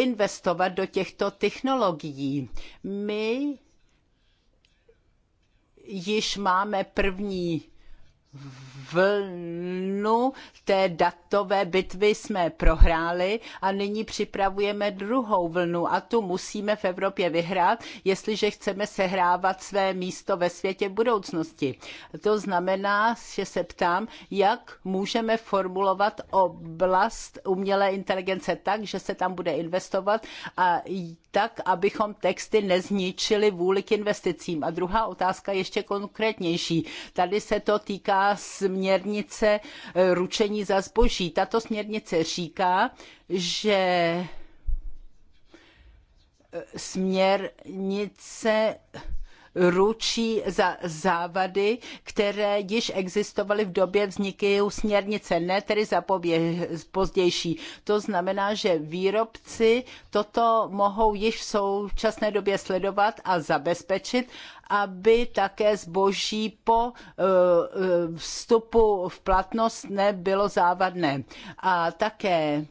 C: investovat do těchto technologií. My již máme první vlnu té datové bitvy jsme prohráli a nyní připravujeme druhou vlnu a tu musíme v Evropě vyhrát, jestliže chceme sehrávat své místo ve světě v budoucnosti. To znamená, že se ptám, jak můžeme formulovat oblast umělé inteligence tak, že se tam bude investovat a tak, abychom texty nezničili vůli k investicím. A druhá otázka ještě konkrétnější. Tady se to týká směrnice eh, ručení za zboží. Tato směrnice říká, že eh, směrnice ručí za závady, které již existovaly v době vzniky směrnice, ne tedy za pozdější. To znamená, že výrobci toto mohou již v současné době sledovat a zabezpečit aby také zboží po eh, eh, vstupu v platnost nebylo závadné. A také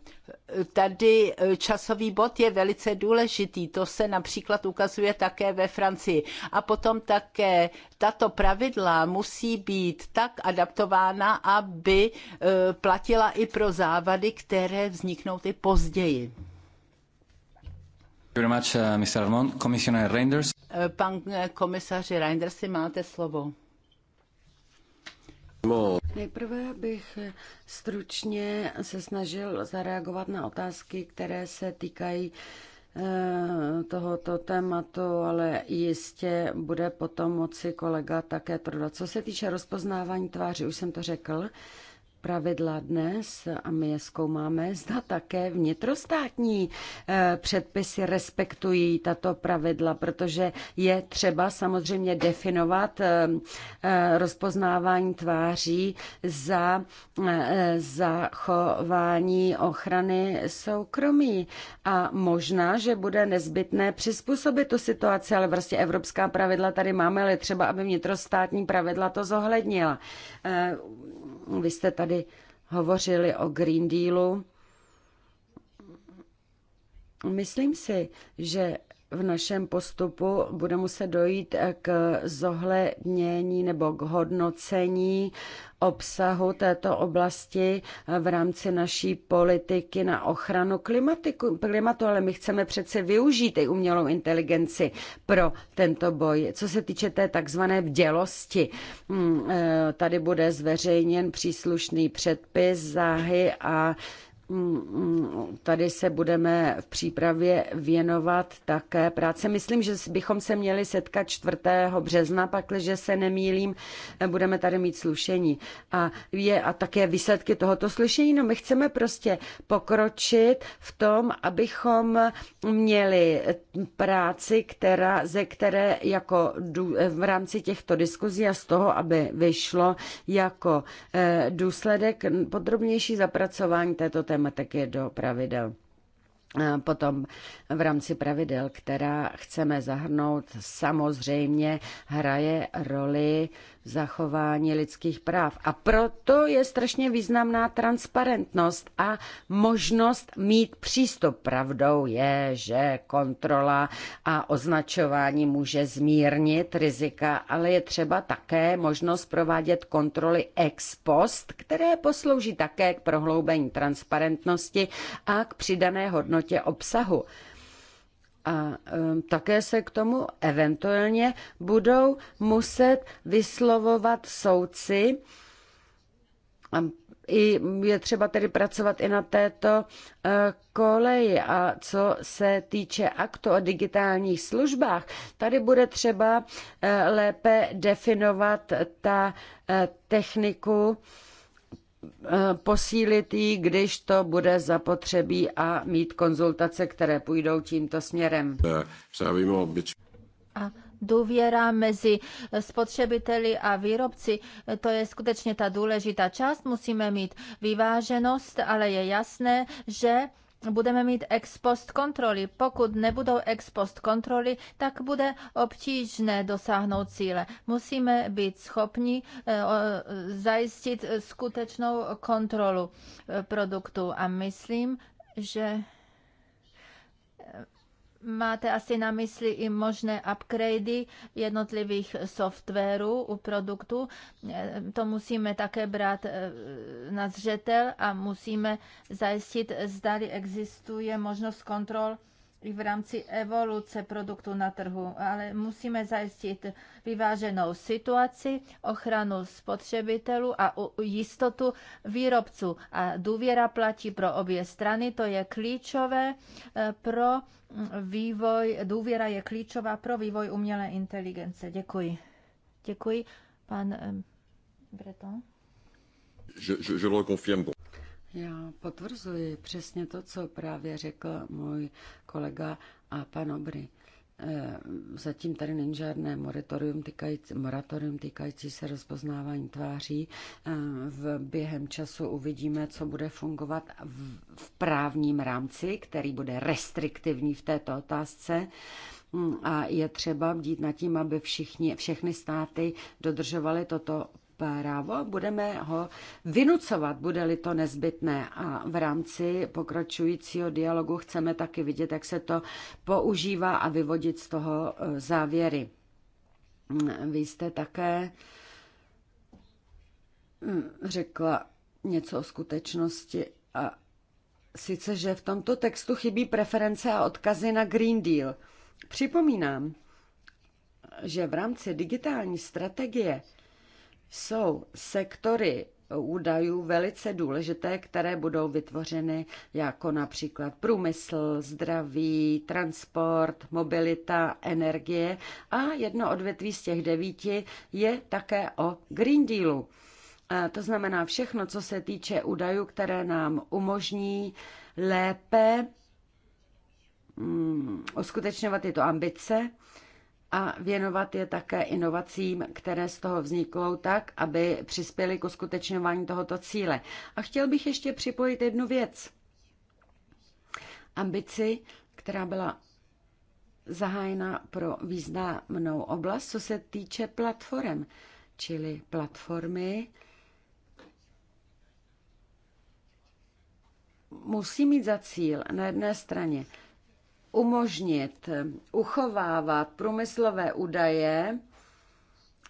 C: eh, tady časový bod je velice důležitý. To se například ukazuje také ve Francii. A potom také tato pravidla musí být tak adaptována, aby platila i pro závady, které vzniknou ty později.
A: Very much, uh, Mr. Armand. Commissioner Reinders.
C: Eh, pan eh, komisaři si máte slovo. Nejprve
B: bych eh, stručně se snažil zareagovat na otázky, které se týkají tohoto tématu, ale jistě bude potom moci kolega také prodat. Co se týče rozpoznávání tváří, už jsem to řekl, pravidla dnes a my je zkoumáme, zda také vnitrostátní eh, předpisy respektují tato pravidla, protože je třeba samozřejmě definovat eh, eh, rozpoznávání tváří za zachování ochrany soukromí. A možná, že bude nezbytné přizpůsobit tu situaci, ale vlastně evropská pravidla tady máme, ale třeba, aby vnitrostátní pravidla to zohlednila vy jste tady hovořili o Green Dealu. Myslím si, že v našem postupu bude muset dojít k zohlednění nebo k hodnocení obsahu této oblasti v rámci naší politiky na ochranu klimatiku, klimatu, ale my chceme přece využít i umělou inteligenci pro tento boj. Co se týče té takzvané vdělosti, hmm, eh, tady bude zveřejněn příslušný předpis záhy a Mm, tady se budeme v přípravě věnovat také práce. Myslím, že bychom se měli setkat 4. března, pakliže se nemýlím, eh, budeme tady mít slušení. A, je, a také výsledky tohoto slušení, no my chceme prostě pokročit v tom, abychom měli práci, která, ze které jako eh, v rámci těchto diskuzí a z toho, aby vyšlo jako eh, důsledek podrobnější zapracování této témy problematik také do pravidel. Potom v rámci pravidel, která chceme zahrnout, samozřejmě hraje roli zachování lidských práv. A proto je strašně významná transparentnost a možnost mít přístup. Pravdou je, že kontrola a označování může zmírnit rizika, ale je třeba také možnost provádět kontroly ex post, které poslouží také k prohloubení transparentnosti a k přidané hodnotě obsahu a um, také se k tomu eventuálně budou muset vyslovovat soudci. A i je třeba tedy pracovat i na této uh, koleji. A co se týče aktu o digitálních službách, tady bude třeba uh, lépe definovat ta uh, techniku uh, posílit ji, když to bude zapotřebí a mít konzultace, které půjdou tímto směrem.
A: A důvěra mezi spotřebiteli a výrobci, to je skutečně ta důležitá část. Musíme mít vyváženost, ale je jasné, že budeme mít ex post kontroly. Pokud nebudou ex post kontroly, tak bude obtížné dosáhnout cíle. Musíme být schopni eh, zajistit skutečnou kontrolu eh, produktu a myslím, že Máte asi na mysli i možné upgradey jednotlivých softwarů u produktu. E, to musíme také brát e, na zřetel a musíme zajistit, zdali existuje možnost kontrol v rámci evoluce produktu na trhu, ale musíme zajistit vyváženou situaci, ochranu spotřebitelů a jistotu výrobců. A důvěra platí pro obě strany, to je klíčové eh, pro vývoj, důvěra je klíčová pro vývoj umělé inteligence. Děkuji. Děkuji. Pan eh, Breton. Je,
C: je, je le confirme.
B: Já potvrzuji přesně to, co právě řekl můj kolega a pan Obry. Eh, zatím tady není žádné moratorium týkající, moratorium týkající se rozpoznávání tváří. Eh, v během času uvidíme, co bude fungovat v, v právním rámci, který bude restriktivní v této otázce. Mm, a je třeba bdít nad tím, aby všichni, všechny státy dodržovaly toto právo, budeme ho vynucovat, bude-li to nezbytné. A v rámci pokračujícího dialogu chceme taky vidět, jak se to používá a vyvodit z toho e, závěry. Mm, vy jste také mm, řekla něco o skutečnosti a sice, že v tomto textu chybí preference a odkazy na Green Deal. Připomínám, že v rámci digitální strategie jsou sektory údajů velice důležité, které budou vytvořeny jako například průmysl, zdraví, transport, mobilita, energie a jedno odvětví z těch devíti je také o Green Dealu. To znamená všechno, co se týče údajů, které nám umožní lépe mm, uskutečňovat tyto ambice a věnovat je také inovacím, které z toho vzniknou tak, aby přispěly k uskutečňování tohoto cíle. A chtěl bych ještě připojit jednu věc. Ambici, která byla zahájena pro významnou oblast, co se týče platform, čili platformy, musí mít za cíl na jedné straně umožnit uchovávat průmyslové údaje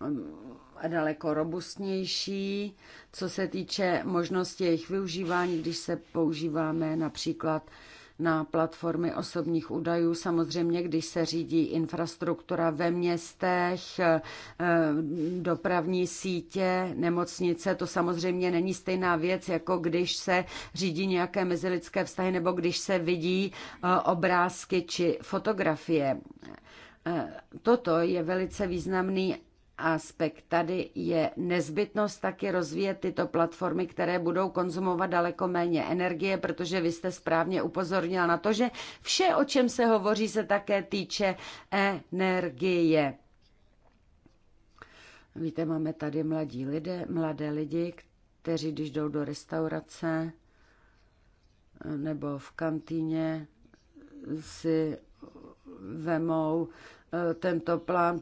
B: mm, daleko robustnější, co se týče možnosti jejich využívání, když se používáme například na platformy osobních údajů. Samozřejmě, když se řídí infrastruktura ve městech, eh, dopravní sítě, nemocnice, to samozřejmě není stejná věc, jako když se řídí nějaké mezilidské vztahy nebo když se vidí eh, obrázky či fotografie. Eh, toto je velice významný aspekt tady je nezbytnost taky rozvíjet tyto platformy, které budou konzumovat daleko méně energie, protože vy jste správně upozornila na to, že vše, o čem se hovoří, se také týče energie. Víte, máme tady mladí lidé, mladé lidi, kteří, když jdou do restaurace nebo v kantýně, si vemou Eh, tento plán,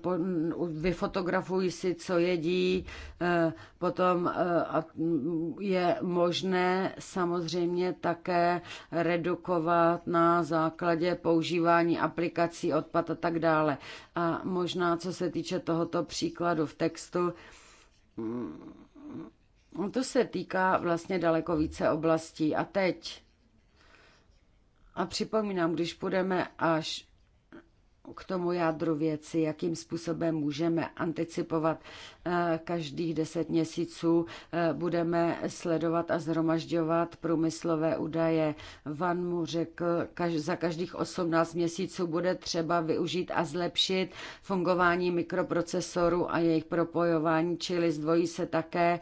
B: vyfotografují si, co jedí, eh, potom eh, mm, je možné samozřejmě také redukovat na základě používání aplikací odpad a tak dále. A možná, co se týče tohoto příkladu v textu, mm, to se týká vlastně daleko více oblastí. A teď, a připomínám, když půjdeme až k tomu jádru věci, jakým způsobem můžeme anticipovat. Eh, každých deset měsíců eh, budeme sledovat a zhromažďovat průmyslové údaje. Van mu řekl, za každých 18 měsíců bude třeba využít a zlepšit fungování mikroprocesorů a jejich propojování, čili zdvojí se také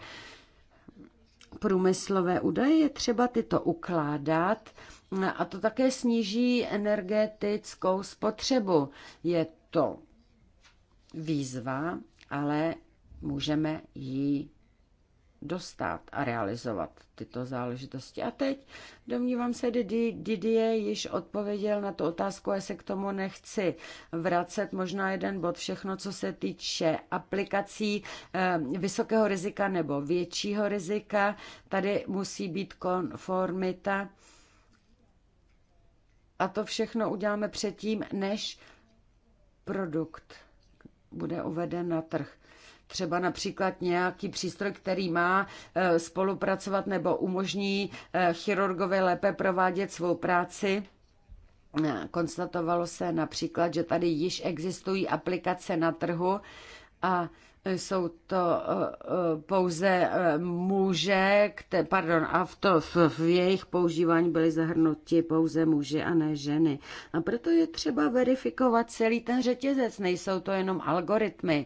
B: průmyslové údaje. Je třeba tyto ukládat a to také sníží energetickou spotřebu. Je to výzva, ale můžeme ji dostat a realizovat tyto záležitosti. A teď domnívám se, Didier již odpověděl na tu otázku, já se k tomu nechci vracet. Možná jeden bod, všechno, co se týče aplikací eh, vysokého rizika nebo většího rizika, tady musí být konformita a to všechno uděláme předtím, než produkt bude uveden na trh třeba například nějaký přístroj, který má eh, spolupracovat nebo umožní eh, chirurgovi lépe provádět svou práci. Eh, konstatovalo se například, že tady již existují aplikace na trhu a jsou to eh, eh, pouze eh, muže, kte, pardon, a v, to, v, v jejich používání byly zahrnuti pouze muži a ne ženy. A proto je třeba verifikovat celý ten řetězec, nejsou to jenom algoritmy.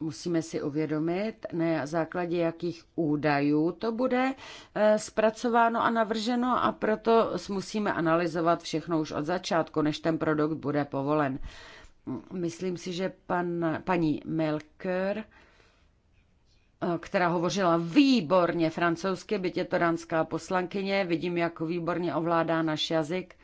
B: Musíme si uvědomit, na základě jakých údajů to bude zpracováno a navrženo a proto musíme analyzovat všechno už od začátku, než ten produkt bude povolen. Myslím si, že pan, paní Melker, eh, která hovořila výborně francouzsky, byť je to dánská poslankyně, vidím, jak výborně ovládá náš jazyk,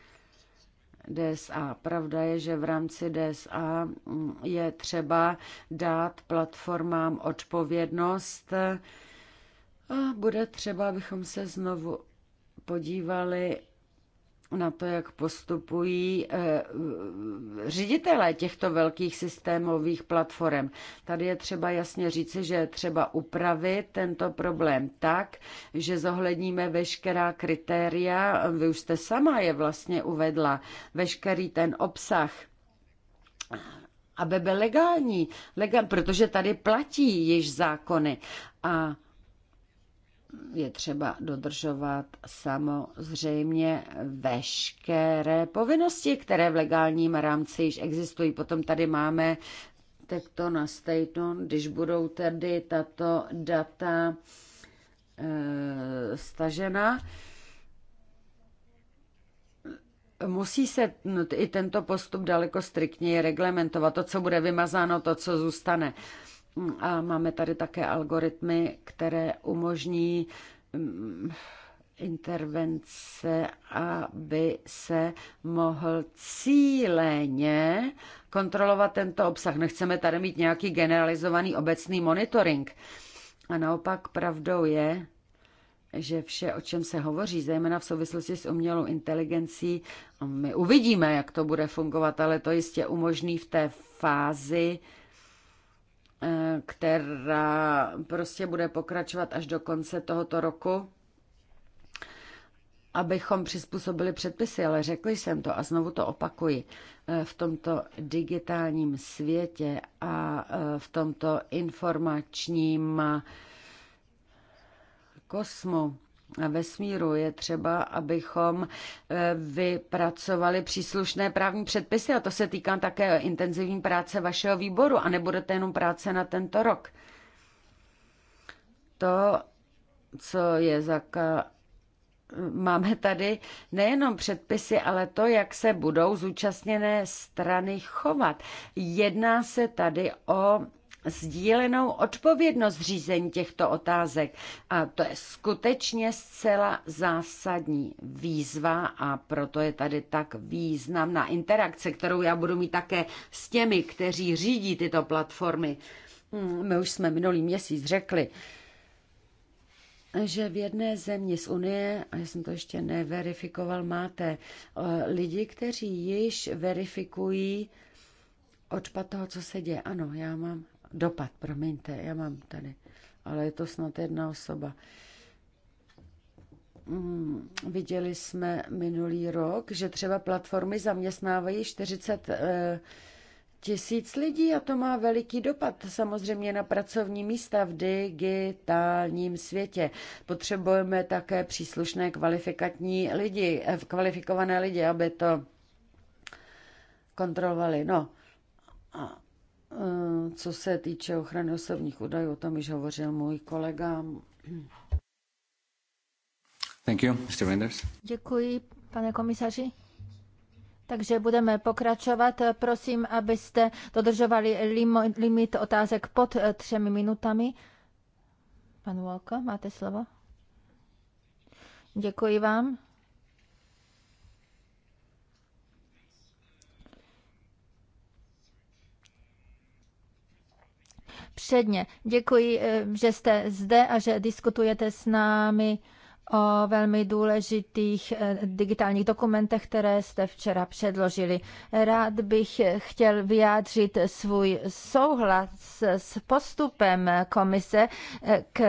B: DSA. Pravda je, že v rámci DSA mm, je třeba dát platformám odpovědnost. Eh, a bude třeba, abychom se znovu podívali na to, jak postupují eh, ředitelé těchto velkých systémových platform. Tady je třeba jasně říci, že je třeba upravit tento problém tak, že zohledníme veškerá kritéria, vy už jste sama je vlastně uvedla, veškerý ten obsah aby byl legální, legál, protože tady platí již zákony. A je třeba dodržovat samozřejmě veškeré povinnosti, které v legálním rámci již existují. Potom tady máme teď to na Staton, když budou tedy tato data e, stažena, Musí se i tento postup daleko striktněji reglementovat. To, co bude vymazáno, to, co zůstane. E, a máme tady také algoritmy, které umožní mm, intervence, aby se mohl cíleně kontrolovat tento obsah. Nechceme tady mít nějaký generalizovaný obecný monitoring. A naopak pravdou je, že vše, o čem se hovoří, zejména v souvislosti s umělou inteligencí, my uvidíme, jak to bude fungovat, ale to jistě umožní v té fázi, Eh, která prostě bude pokračovat až do konce tohoto roku, abychom přizpůsobili předpisy, ale řekli jsem to a znovu to opakuji. Eh, v tomto digitálním světě a eh, v tomto informačním kosmu vesmíru. Je třeba, abychom e, vypracovali příslušné právní předpisy a to se týká také intenzivní práce vašeho výboru a nebude to jenom práce na tento rok. To, co je zaka... Máme tady nejenom předpisy, ale to, jak se budou zúčastněné strany chovat. Jedná se tady o sdílenou odpovědnost řízení těchto otázek. A to je skutečně zcela zásadní výzva a proto je tady tak významná interakce, kterou já budu mít také s těmi, kteří řídí tyto platformy. Hmm, my už jsme minulý měsíc řekli, že v jedné zemi z Unie, a já jsem to ještě neverifikoval, máte eh, lidi, kteří již verifikují odpad toho, co se děje. Ano, já mám Dopad, promiňte, já mám tady, ale je to snad jedna osoba. Hmm, viděli jsme minulý rok, že třeba platformy zaměstnávají 40 eh, tisíc lidí a to má veliký dopad samozřejmě na pracovní místa v digitálním světě. Potřebujeme také příslušné kvalifikatní lidi, eh, kvalifikované lidi, aby to kontrolovali. No, a Eh, co se týče ochrany osobních údajů, o tom již hovořil můj kolega.
A: Thank you, Mr. Wenders. Děkuji, pane komisaři. Takže budeme pokračovat. Prosím, abyste dodržovali lim- limit otázek pod eh, třemi minutami. Pan Volko, máte slovo. Děkuji vám. předně. Děkuji, eh, že jste zde a že diskutujete s námi o velmi důležitých eh, digitálních dokumentech, které jste včera předložili. Rád bych chtěl vyjádřit svůj souhlas s postupem komise eh, k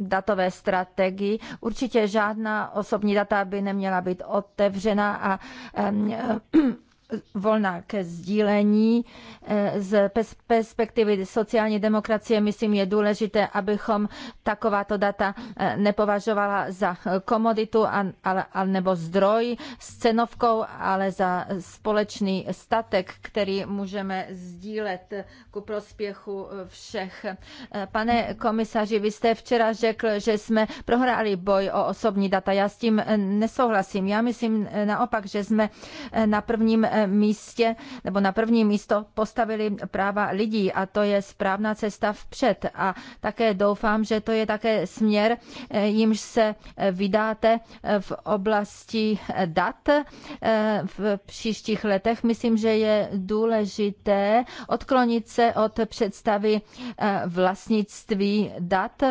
A: datové strategii. Určitě žádná osobní data by neměla být otevřena a volná ke sdílení. Eh, z perspektivy sociální demokracie, myslím, je důležité, abychom takováto data eh, nepovažovala za eh, komoditu ale, ale, nebo zdroj s cenovkou, ale za společný statek, který můžeme sdílet ku prospěchu všech. Pane komisaři, vy jste včera řekl, že jsme prohráli boj o osobní data. Já s tím nesouhlasím. Já myslím naopak, že jsme na prvním místě nebo na první místo postavili práva lidí a to je správná cesta vpřed. A také doufám, že to je také směr, eh, jimž se eh, vydáte eh, v oblasti dat v příštích letech. Myslím, že je důležité odklonit se od představy vlastnictví dat,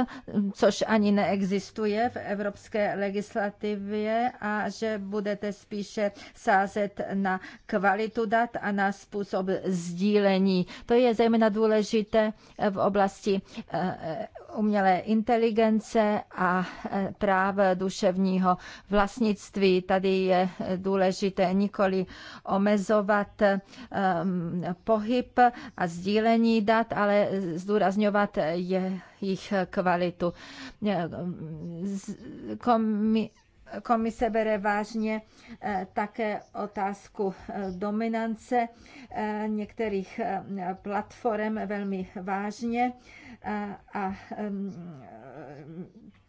A: což ani neexistuje v evropské legislativě a že budete spíše sázet na kvalitu dat a na způsob sdílení. To je zejména důležité v oblasti eh, umělé inteligence a eh, práv duševního vlastnictví. Tady je důležité nikoli omezovat ehm, pohyb a sdílení dat, ale zdůrazňovat jejich kvalitu. Eh, komi- Komise bere vážně eh, také otázku eh, dominance eh, některých platform velmi vážně a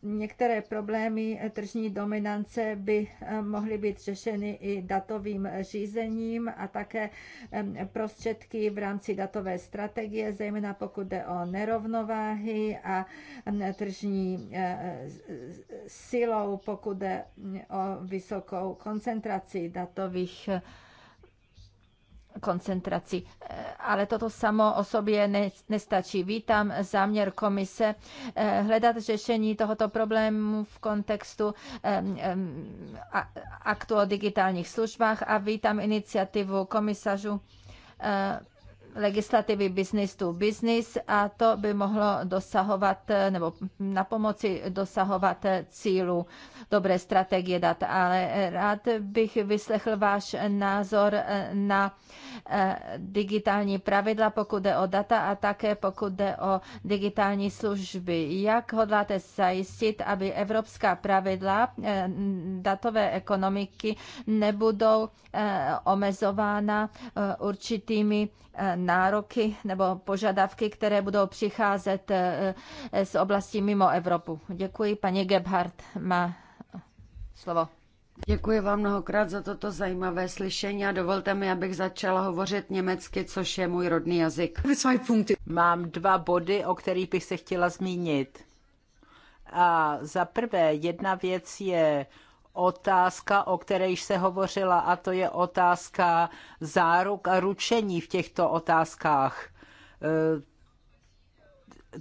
A: některé problémy tržní dominance by mohly být řešeny i datovým řízením a také prostředky v rámci datové strategie, zejména pokud jde o nerovnováhy a tržní e, silou, pokud jde o vysokou koncentraci datových koncentraci. Eh, ale toto samo o sobě nestačí. Vítám záměr komise eh, hledat řešení tohoto problému v kontextu aktu o digitálních službách a vítám iniciativu komisařů eh, legislativy business to business a to by mohlo dosahovat eh, nebo na pomoci dosahovat eh, cílu dobré strategie dat. Ale eh, rád bych vyslechl váš názor na digitální pravidla, pokud jde o data a také pokud jde o digitální služby. Jak hodláte zajistit, aby evropská pravidla datové ekonomiky nebudou omezována určitými nároky nebo požadavky, které budou přicházet eh, eh, z oblasti mimo Evropu. Děkuji, paní Gebhardt má slovo. Děkuji
B: vám mnohokrát za toto zajímavé slyšení a dovolte mi, abych začala hovořit německy, což je
C: můj rodný jazyk. Mám dva body, o kterých bych se chtěla zmínit. A za prvé, jedna věc je otázka, o které již se hovořila, a to je otázka záruk a ručení v těchto otázkách. E,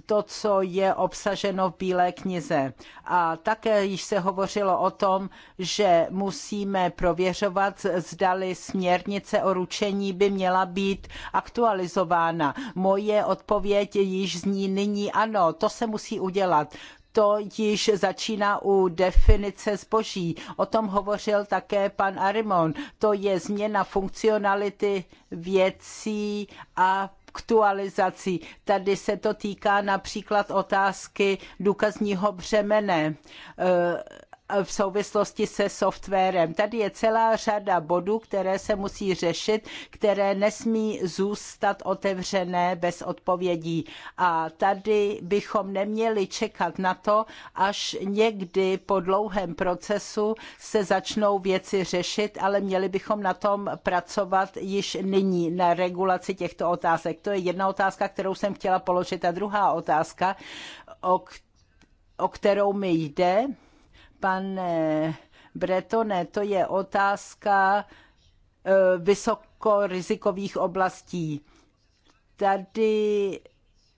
C: to, co je obsaženo v Bílé knize. A také již se hovořilo o tom, že musíme prověřovat, zdali směrnice o ručení by měla být aktualizována. Moje odpověď již zní nyní ano, to se musí udělat to již začíná u definice zboží. O tom hovořil také pan Arimon. To je změna funkcionality věcí a aktualizací. Tady se to týká například otázky důkazního břemene. E v souvislosti se softwarem. Tady je celá řada bodů, které se musí řešit, které nesmí zůstat otevřené bez odpovědí. A tady bychom neměli čekat na to, až někdy po dlouhém procesu se začnou věci řešit, ale měli bychom na tom pracovat již nyní na regulaci těchto otázek. To je jedna otázka, kterou jsem chtěla položit. A druhá otázka, o, o kterou mi jde, Pane Bretone, to je otázka eh, vysokorizikových oblastí. Tady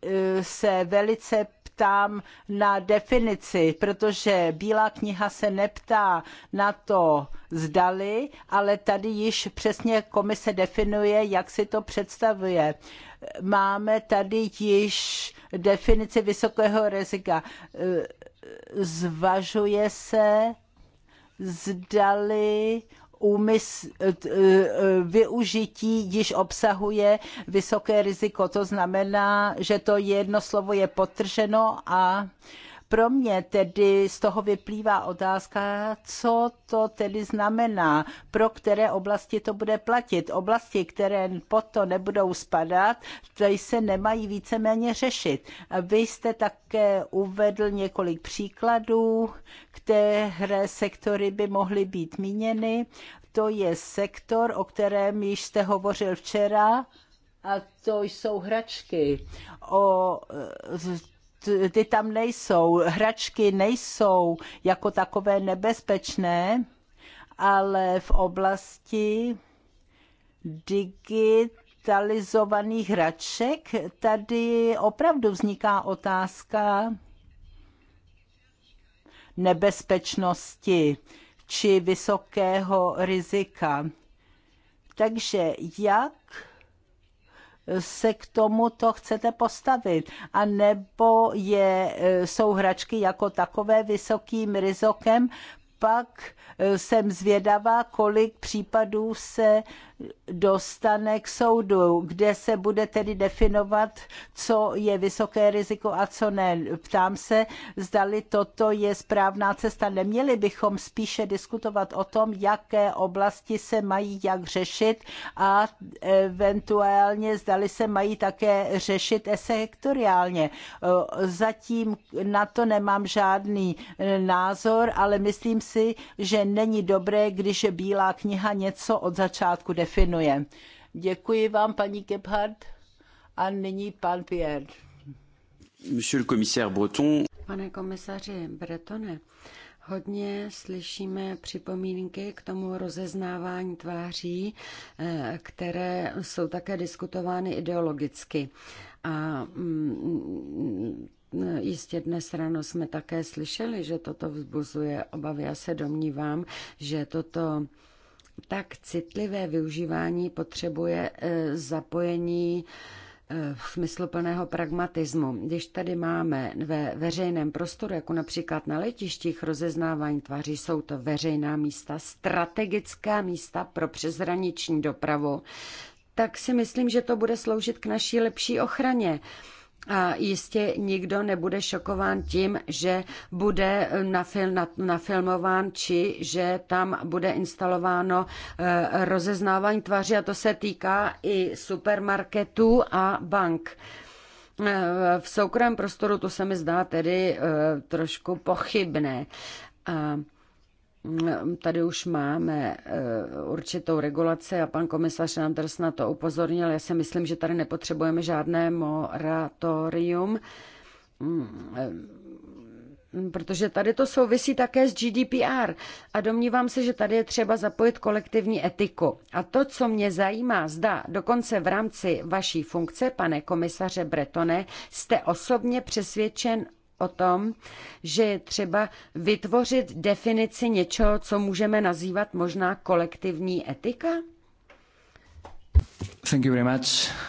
C: eh, se velice ptám na definici, protože Bílá kniha se neptá na to zdali, ale tady již přesně komise definuje, jak si to představuje. Máme tady již definici vysokého rizika. Eh, zvažuje se, zdali úmysl, eh, eh, využití již obsahuje vysoké riziko. To znamená, že to jedno slovo je potrženo a pro mě tedy z toho vyplývá otázka, co to tedy znamená, pro které oblasti to bude platit. Oblasti, které pod to nebudou spadat, to se nemají víceméně řešit. Vy jste také uvedl několik příkladů, které sektory by mohly být míněny. To je sektor, o kterém již jste hovořil včera, a to jsou hračky. O ty tam nejsou, hračky nejsou jako takové nebezpečné, ale v oblasti digitalizovaných hraček tady opravdu vzniká otázka nebezpečnosti či vysokého rizika. Takže jak se k tomuto chcete postavit. A nebo je, e, jsou hračky jako takové vysokým rizikem pak eh, jsem zvědavá, kolik případů se dostane k soudu, kde se bude tedy definovat, co je vysoké riziko a co ne. Ptám se, zdali toto je správná cesta. Neměli bychom spíše diskutovat o tom, jaké oblasti se mají jak řešit a eventuálně zdali se mají také řešit sektoriálně. Eh, zatím na to nemám žádný názor, ale myslím si, si, že není dobré, když Bílá kniha něco od začátku definuje. Děkuji vám, paní Gebhardt. A nyní pan Pierre.
B: Monsieur le commissaire Breton. Pane komisaři Bretone, Hodně slyšíme připomínky k tomu rozeznávání tváří, eh, které jsou také diskutovány ideologicky. A mm, Jistě dnes ráno jsme také slyšeli, že toto vzbuzuje obavy. Já se domnívám, že toto tak citlivé využívání potřebuje eh, zapojení eh, v plného pragmatismu. Když tady máme ve veřejném prostoru, jako například na letištích, rozeznávání tváří, jsou to veřejná místa, strategická místa pro přeshraniční dopravu, tak si myslím, že to bude sloužit k naší lepší ochraně. A jistě nikdo nebude šokován tím, že bude nafilmován či že tam bude instalováno eh, rozeznávání tváří a to se týká i supermarketů a bank. Eh, v soukromém prostoru to se mi zdá tedy eh, trošku pochybné tady už máme eh, určitou regulaci a pan komisař Anders na to upozornil. Já si myslím, že tady nepotřebujeme žádné moratorium, mm, eh, protože tady to souvisí také s GDPR a domnívám se, že tady je třeba zapojit kolektivní etiku. A to, co mě zajímá, zda dokonce v rámci vaší funkce, pane komisaře Bretone, jste osobně přesvědčen o tom, že je třeba vytvořit definici něčeho, co můžeme nazývat možná kolektivní etika?
A: Thank you very much.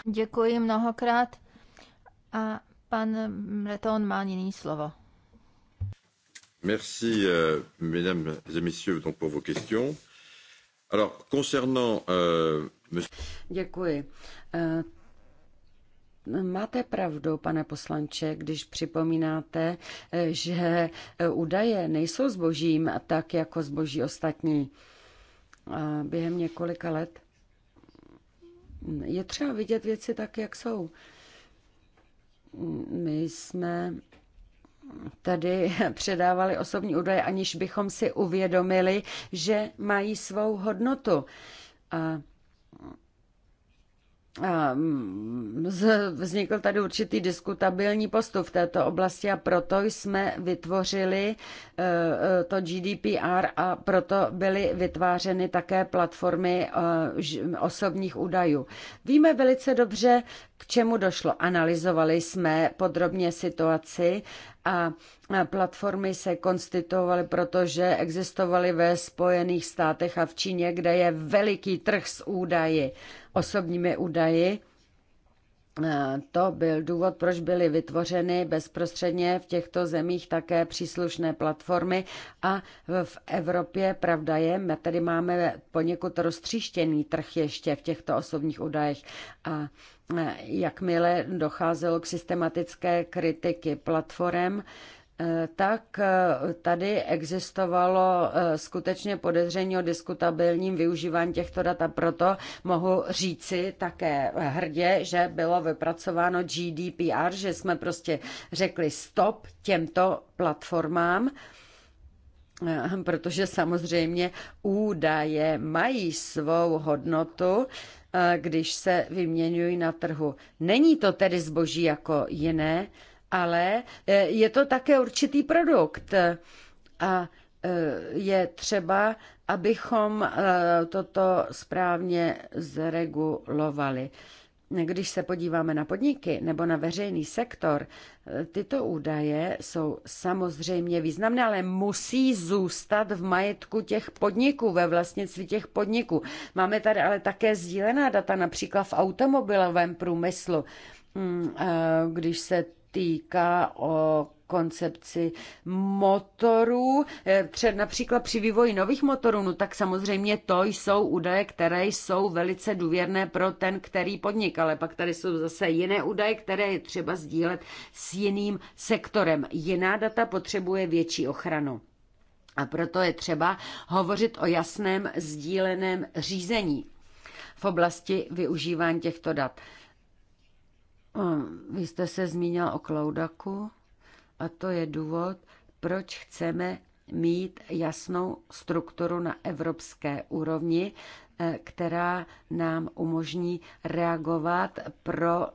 A: Děkuji mnohokrát. A pan Breton má jiný slovo.
C: Merci, euh, mesdames et messieurs, donc pour vos questions. Alors, concernant euh,
B: Děkuji. Máte pravdu, pane poslanče, když připomínáte, že údaje nejsou zbožím tak jako zboží ostatní. A během několika let je třeba vidět věci tak, jak jsou. My jsme tady předávali osobní údaje, aniž bychom si uvědomili, že mají svou hodnotu. A Ehm, vznikl tady určitý diskutabilní postup v této oblasti a proto jsme vytvořili eh, eh, to GDPR a proto byly vytvářeny také platformy eh, osobních údajů. Víme velice dobře, k čemu došlo? Analyzovali jsme podrobně situaci a platformy se konstituovaly, protože existovaly ve Spojených státech a v Číně, kde je veliký trh s údaji, osobními údaji Eh, to byl důvod, proč byly vytvořeny bezprostředně v těchto zemích také příslušné platformy a v Evropě, pravda je, my tady máme poněkud roztříštěný trh ještě v těchto osobních údajech a eh, jakmile docházelo k systematické kritiky platform, tak eh, tady existovalo eh, skutečně podezření o diskutabilním využívání těchto dat a proto mohu říci také hrdě, že bylo vypracováno GDPR, že jsme prostě řekli stop těmto platformám, eh, protože samozřejmě údaje mají svou hodnotu, když se vyměňují na trhu. Není to tedy zboží jako jiné, ale eh, je to také určitý produkt. Eh, a eh, je třeba, abychom toto správně zregulovali. Když se podíváme na podniky nebo na veřejný sektor, tyto údaje jsou samozřejmě významné, ale musí zůstat v majetku těch podniků, ve vlastnictví těch podniků. Máme tady ale také sdílená data, například v automobilovém průmyslu. Hmm, když se týká o koncepci motorů, třeba eh, například při vývoji nových motorů, no tak samozřejmě to jsou údaje, které jsou velice důvěrné pro ten, který podnik, ale pak tady jsou zase jiné údaje, které je třeba sdílet s jiným sektorem. Jiná data potřebuje větší ochranu. A proto je třeba hovořit o jasném sdíleném řízení v oblasti využívání těchto dat. Vy jste se zmínil o cloudaku a to je důvod, proč chceme mít jasnou strukturu na evropské úrovni, e, která nám umožní reagovat pro e,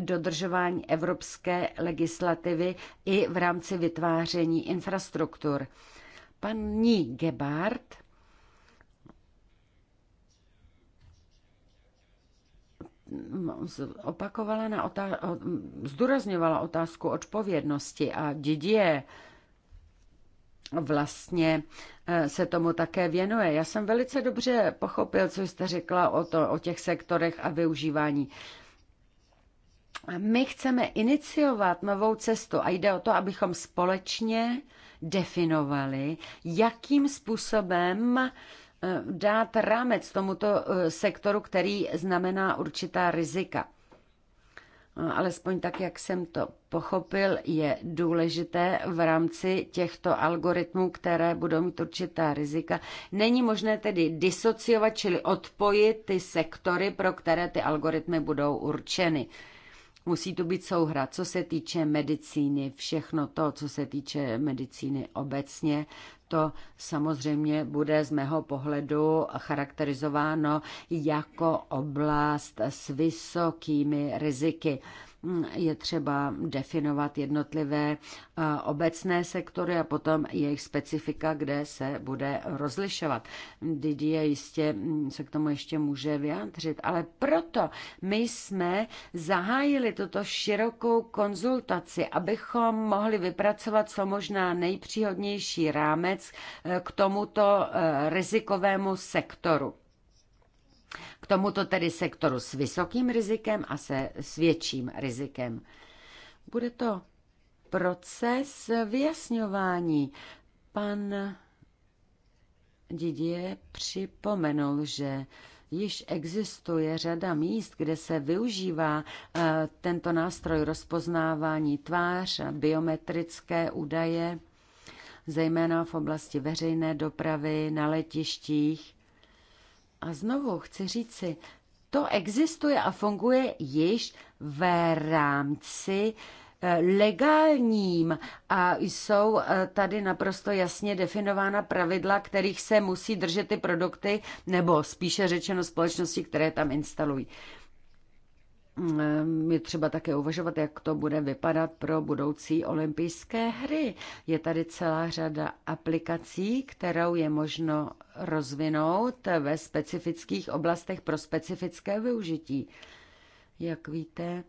B: dodržování evropské legislativy i v rámci vytváření infrastruktur. Paní Gebhardt opakovala na otá- zdůrazňovala otázku odpovědnosti a Didier vlastně eh, se tomu také věnuje. Já jsem velice dobře pochopil, co jste řekla o, to, o těch sektorech a využívání. My chceme iniciovat novou cestu a jde o to, abychom společně definovali, jakým způsobem dát rámec tomuto e, sektoru, který znamená určitá rizika. Alespoň tak, jak jsem to pochopil, je důležité v rámci těchto algoritmů, které budou mít určitá rizika. Není možné tedy disociovat, čili odpojit ty sektory, pro které ty algoritmy budou určeny. Musí tu být souhra, co se týče medicíny, všechno to, co se týče medicíny obecně, to samozřejmě bude z mého pohledu charakterizováno jako oblast s vysokými riziky je třeba definovat jednotlivé eh, obecné sektory a potom jejich specifika, kde se bude rozlišovat. Didier jistě mm, se k tomu ještě může vyjádřit, ale proto my jsme zahájili tuto širokou konzultaci, abychom mohli vypracovat co možná nejpříhodnější rámec eh, k tomuto eh, rizikovému sektoru. K tomuto tedy sektoru s vysokým rizikem a se s větším rizikem. Bude to proces vyjasňování. Pan Didier připomenul, že již existuje řada míst, kde se využívá eh, tento nástroj rozpoznávání tvář, biometrické údaje, zejména v oblasti veřejné dopravy, na letištích a znovu chci říci, to existuje a funguje již v rámci eh, legálním a jsou eh, tady naprosto jasně definována pravidla, kterých se musí držet ty produkty, nebo spíše řečeno společnosti, které tam instalují. Ehm, je třeba také uvažovat, jak to bude vypadat pro budoucí olympijské hry. Je tady celá řada aplikací, kterou je možno rozvinout ve specifických oblastech pro specifické využití. Jak víte,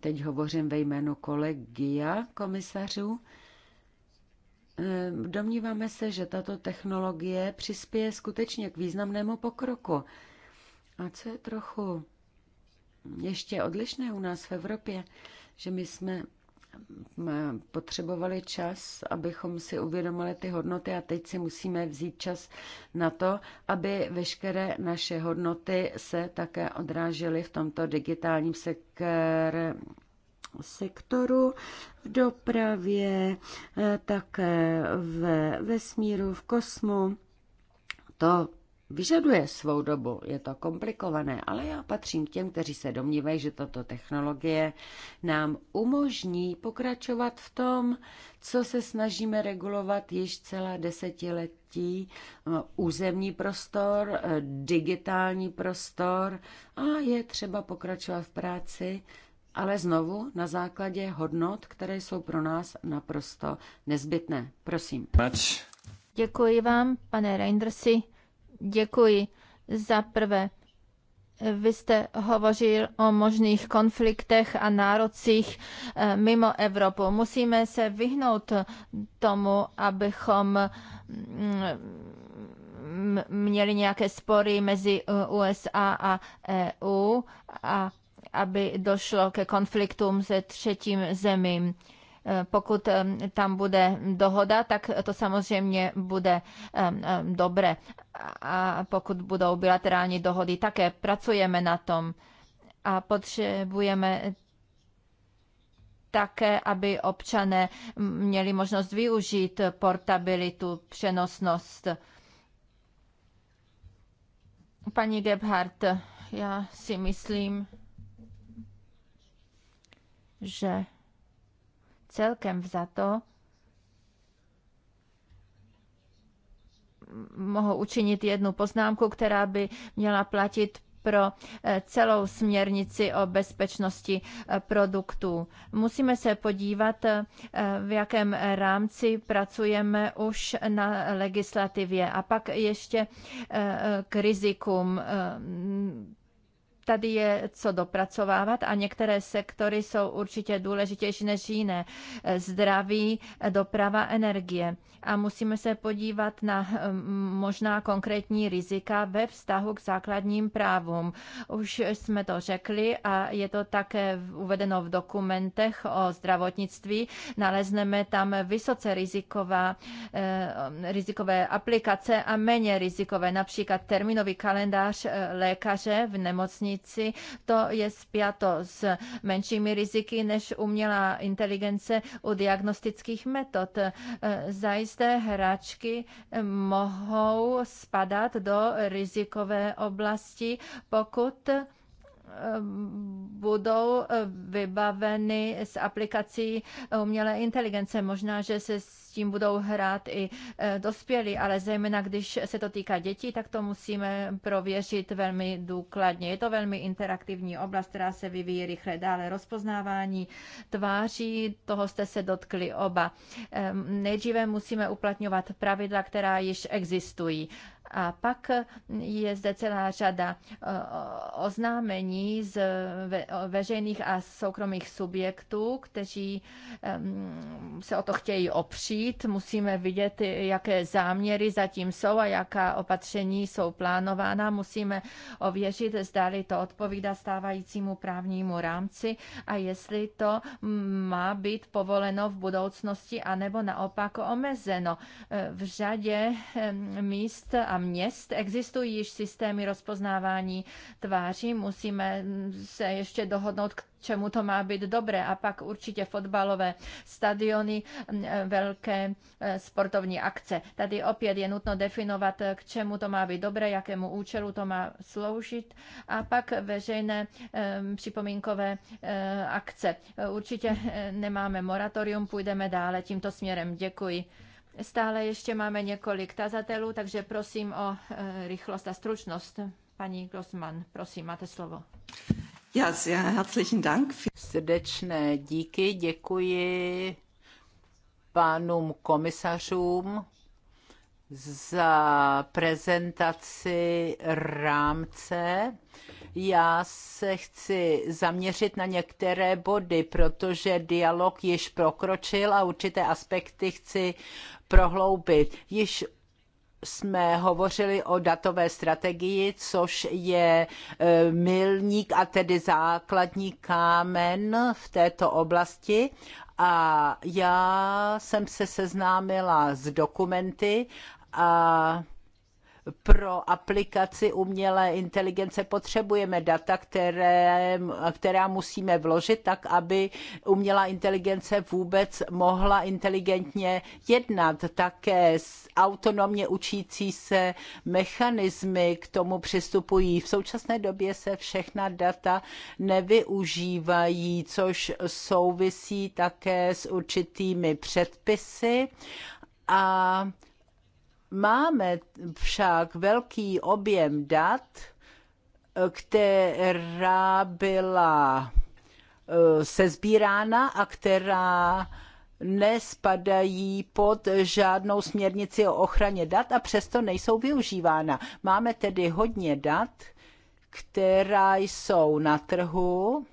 B: teď hovořím ve jménu kolegia komisařů, ehm, Domníváme se, že tato technologie přispěje skutečně k významnému pokroku. A co je trochu ještě odlišné u nás v Evropě, že my jsme potřebovali čas, abychom si uvědomili ty hodnoty a teď si musíme vzít čas na to, aby veškeré naše hodnoty se také odrážely v tomto digitálním sektoru sektoru, v dopravě, eh, také ve vesmíru, v kosmu. To vyžaduje svou dobu, je to komplikované, ale já patřím k těm, kteří se domnívají, že tato technologie nám umožní pokračovat v tom, co se snažíme regulovat již celá desetiletí, územní prostor, digitální prostor a je třeba pokračovat v práci, ale znovu na základě hodnot, které jsou pro nás naprosto nezbytné. Prosím.
A: Děkuji vám, pane Reindersi. Děkuji. Za prvé, vy jste hovořil o možných konfliktech a nárocích eh, mimo Evropu. Musíme se vyhnout tomu, abychom mm, měli nějaké spory mezi eh, USA a EU a aby došlo ke konfliktům se třetím zemím. Eh, pokud tam bude dohoda, tak to samozřejmě bude dobré. A pokud budou bilaterální dohody, také pracujeme na tom a potřebujeme také, aby občané měli možnost využít portabilitu, přenosnost. Paní Gebhardt, já si myslím, že Celkem vzato mohu učinit jednu poznámku, která by měla platit pro eh, celou směrnici o bezpečnosti eh, produktů. Musíme se podívat, eh, v jakém rámci pracujeme už na legislativě. A pak ještě k rizikům tady je co dopracovávat a některé sektory jsou určitě důležitější než jiné. Zdraví, doprava, energie. A musíme se podívat na mm, možná konkrétní rizika ve vztahu k základním právům. Už jsme to řekli a je to také uvedeno v dokumentech o zdravotnictví. Nalezneme tam vysoce riziková, eh, rizikové aplikace a méně rizikové, například terminový kalendář eh, lékaře v nemocnici říci, to je spjato s menšími riziky než umělá inteligence u diagnostických metod. E, zajisté hračky e, mohou spadat do rizikové oblasti, pokud Eh, budou eh, vybaveny s aplikací umělé inteligence. Možná, že se s tím budou hrát i eh, dospělí, ale zejména když se to týká dětí, tak to musíme prověřit velmi důkladně. Je to velmi interaktivní oblast, která se vyvíjí rychle dále. Rozpoznávání tváří, toho jste se dotkli oba. Nejdříve musíme uplatňovat pravidla, která již existují. A pak je zde celá řada e, oznámení z veřejných a soukromých subjektů, kteří se o to chtějí opřít. Musíme vidět, jaké záměry zatím jsou a jaká opatření jsou plánována. Musíme ověřit, zdali to odpovídá stávajícímu právnímu rámci a jestli to má být povoleno v budoucnosti anebo naopak omezeno. E, v řadě míst a měst. Existují již systémy rozpoznávání tváří, musíme se ještě dohodnout, k čemu to má být dobré. A pak určitě fotbalové stadiony, mm, velké e, sportovní akce. Tady opět je nutno definovat, k čemu to má být dobré, jakému účelu to má sloužit. A pak veřejné e, připomínkové e, akce. Určitě nemáme moratorium, půjdeme dále tímto směrem. Děkuji. Stále ještě máme několik tazatelů, takže prosím o eh, rychlost a stručnost. Paní Grossman, prosím, máte slovo.
C: Ja, si, herzlichen Dank. Srdečné díky, děkuji pánům komisařům za prezentaci rámce já se chci zaměřit na některé body, protože dialog již prokročil a určité aspekty chci prohloubit. Již jsme hovořili o datové strategii, což je e, milník a tedy základní kámen v této oblasti. A já jsem se seznámila s dokumenty a pro aplikaci umělé inteligence potřebujeme data, které, která musíme vložit tak, aby umělá inteligence vůbec mohla inteligentně jednat. Také autonomně učící se mechanismy k tomu přistupují. V současné době se všechna data nevyužívají, což souvisí také s určitými předpisy a Máme však velký objem dat, která byla eh, sezbírána a která nespadají pod žádnou směrnici o ochraně dat a přesto nejsou využívána. Máme tedy hodně dat, která jsou na trhu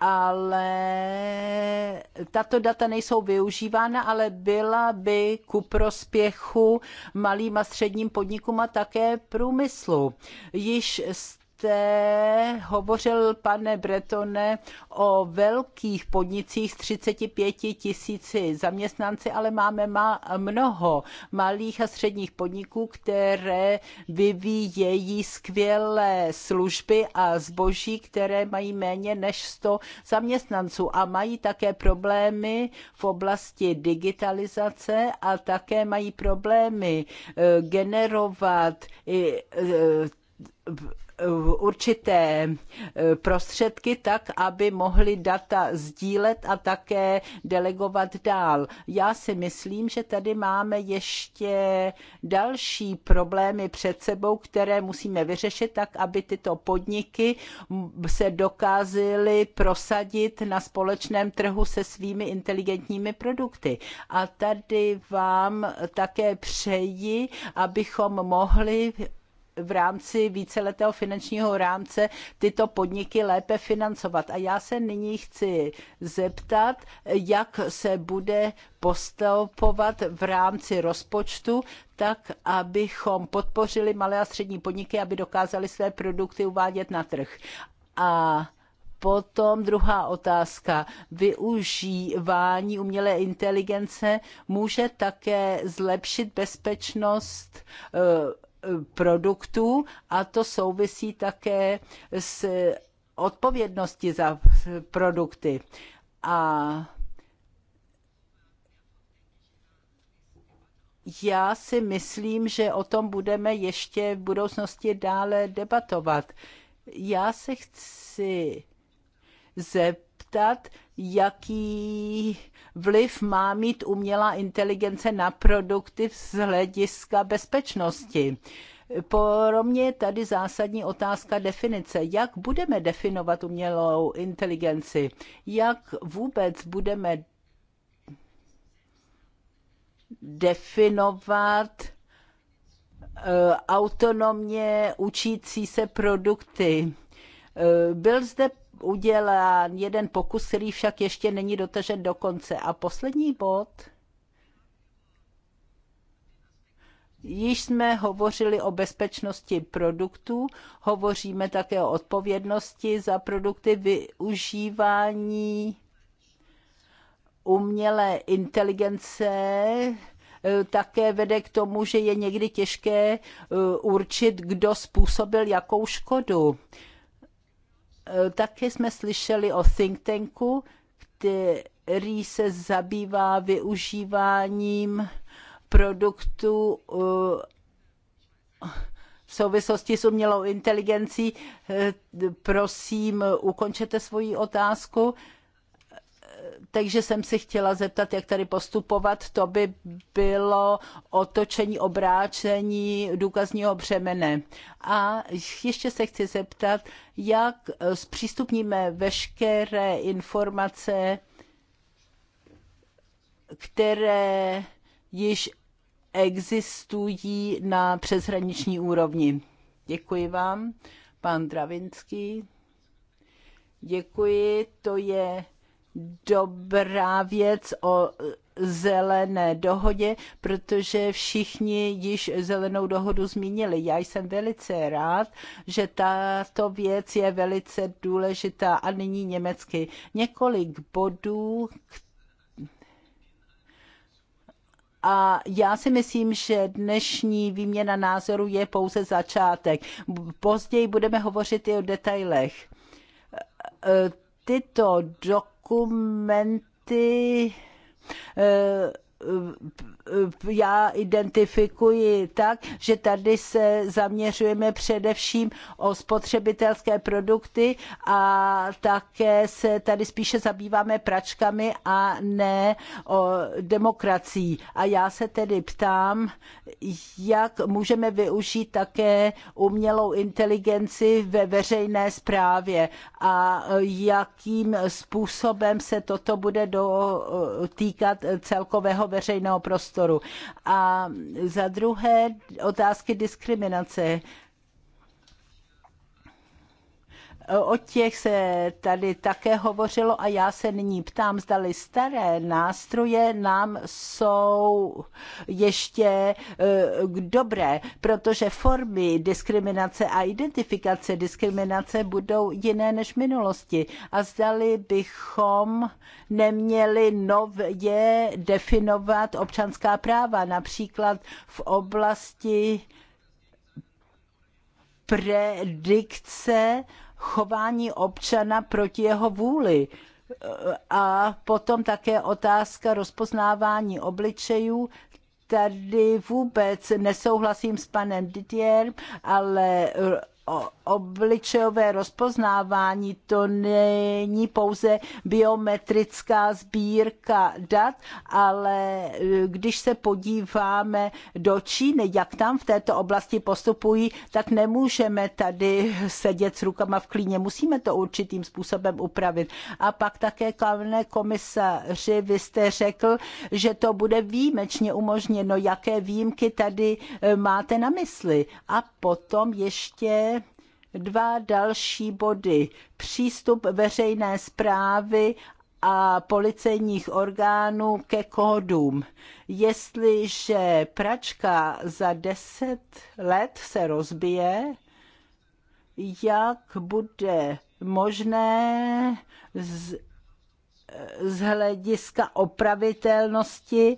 C: ale tato data nejsou využívána, ale byla by ku prospěchu malým a středním podnikům a také průmyslu. Již jste hovořil, pane Bretone, o velkých podnicích s 35 tisíci zaměstnanci, ale máme má mnoho malých a středních podniků, které vyvíjejí skvělé služby a zboží, které mají méně než 100 zaměstnanců a mají také problémy v oblasti digitalizace a také mají problémy eh, generovat eh, určité eh, prostředky tak, aby mohli data sdílet a také delegovat dál. Já si myslím, že tady máme ještě další problémy před sebou, které musíme vyřešit tak, aby tyto podniky se dokázaly prosadit na společném trhu se svými inteligentními produkty. A tady vám také přeji, abychom mohli v rámci víceletého finančního rámce tyto podniky lépe financovat. A já se nyní chci zeptat, jak se bude postupovat v rámci rozpočtu, tak abychom podpořili malé a střední podniky, aby dokázali své produkty uvádět na trh. A Potom druhá otázka. Využívání umělé inteligence může také zlepšit bezpečnost eh, produktů a to souvisí také s odpovědností za produkty. A já si myslím, že o tom budeme ještě v budoucnosti dále debatovat. Já se chci zeptat, jaký vliv má mít umělá inteligence na produkty z hlediska bezpečnosti. Pro mě je tady zásadní otázka definice. Jak budeme definovat umělou inteligenci? Jak vůbec budeme definovat eh, autonomně učící se produkty? Eh, byl zde udělán jeden pokus, který však ještě není dotažen do konce. A poslední bod. Již jsme hovořili o bezpečnosti produktů, hovoříme také o odpovědnosti za produkty využívání umělé inteligence, e, také vede k tomu, že je někdy těžké e, určit, kdo způsobil jakou škodu. Eh, Také jsme slyšeli o think tanku, který se zabývá využíváním produktů eh, v souvislosti s umělou inteligencí. Eh, prosím, ukončete svoji otázku takže jsem si chtěla zeptat, jak tady postupovat. To by bylo otočení, obráčení důkazního břemene. A ještě se chci zeptat, jak zpřístupníme veškeré informace, které již existují na přeshraniční úrovni. Děkuji vám, pan Dravinský. Děkuji, to je dobrá věc o zelené dohodě, protože všichni již zelenou dohodu zmínili. Já jsem velice rád, že tato věc je velice důležitá a nyní německy. Několik bodů, a já si myslím, že dnešní výměna názoru je pouze začátek. Později budeme hovořit i o detailech. E, e, tyto dokumenty dokumenty eh, Eh, já identifikuji tak, že tady se zaměřujeme především o spotřebitelské produkty a také se tady spíše zabýváme pračkami a ne o demokracií. A já se tedy ptám, jak můžeme využít také umělou inteligenci ve veřejné správě a jakým způsobem se toto bude dotýkat celkového veřejného prostoru prostoru. A za druhé otázky diskriminace. O těch se tady také hovořilo a já se nyní ptám, zdali staré nástroje nám jsou ještě eh, dobré, protože formy diskriminace a identifikace diskriminace budou jiné než v minulosti. A zdali bychom neměli nově definovat občanská práva, například v oblasti predikce chování občana proti jeho vůli. A potom také otázka rozpoznávání obličejů, tady vůbec nesouhlasím s panem Didier, ale obličejové rozpoznávání to není pouze biometrická sbírka dat, ale e, když se podíváme do Číny, jak tam v této oblasti postupují, tak nemůžeme tady sedět s rukama v klíně. Musíme to určitým způsobem upravit. A pak také, pane komisaři, vy jste řekl, že to bude výjimečně umožněno. Jaké výjimky tady e, máte na mysli? A potom ještě dva další body. Přístup veřejné zprávy a policejních orgánů ke kódům. Jestliže pračka za deset let se rozbije, jak bude možné z, z hlediska opravitelnosti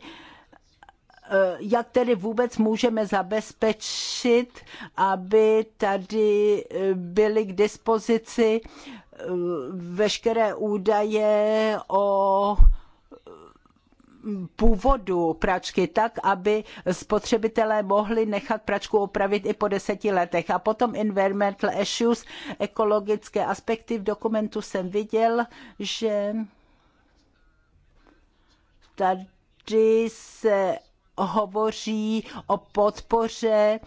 C: Eh, jak tedy vůbec můžeme zabezpečit, aby tady eh, byly k dispozici eh, veškeré údaje o původu pračky tak, aby spotřebitelé mohli nechat pračku opravit i po deseti letech. A potom environmental issues, ekologické aspekty. V dokumentu jsem viděl, že tady se hovoří o podpoře eh,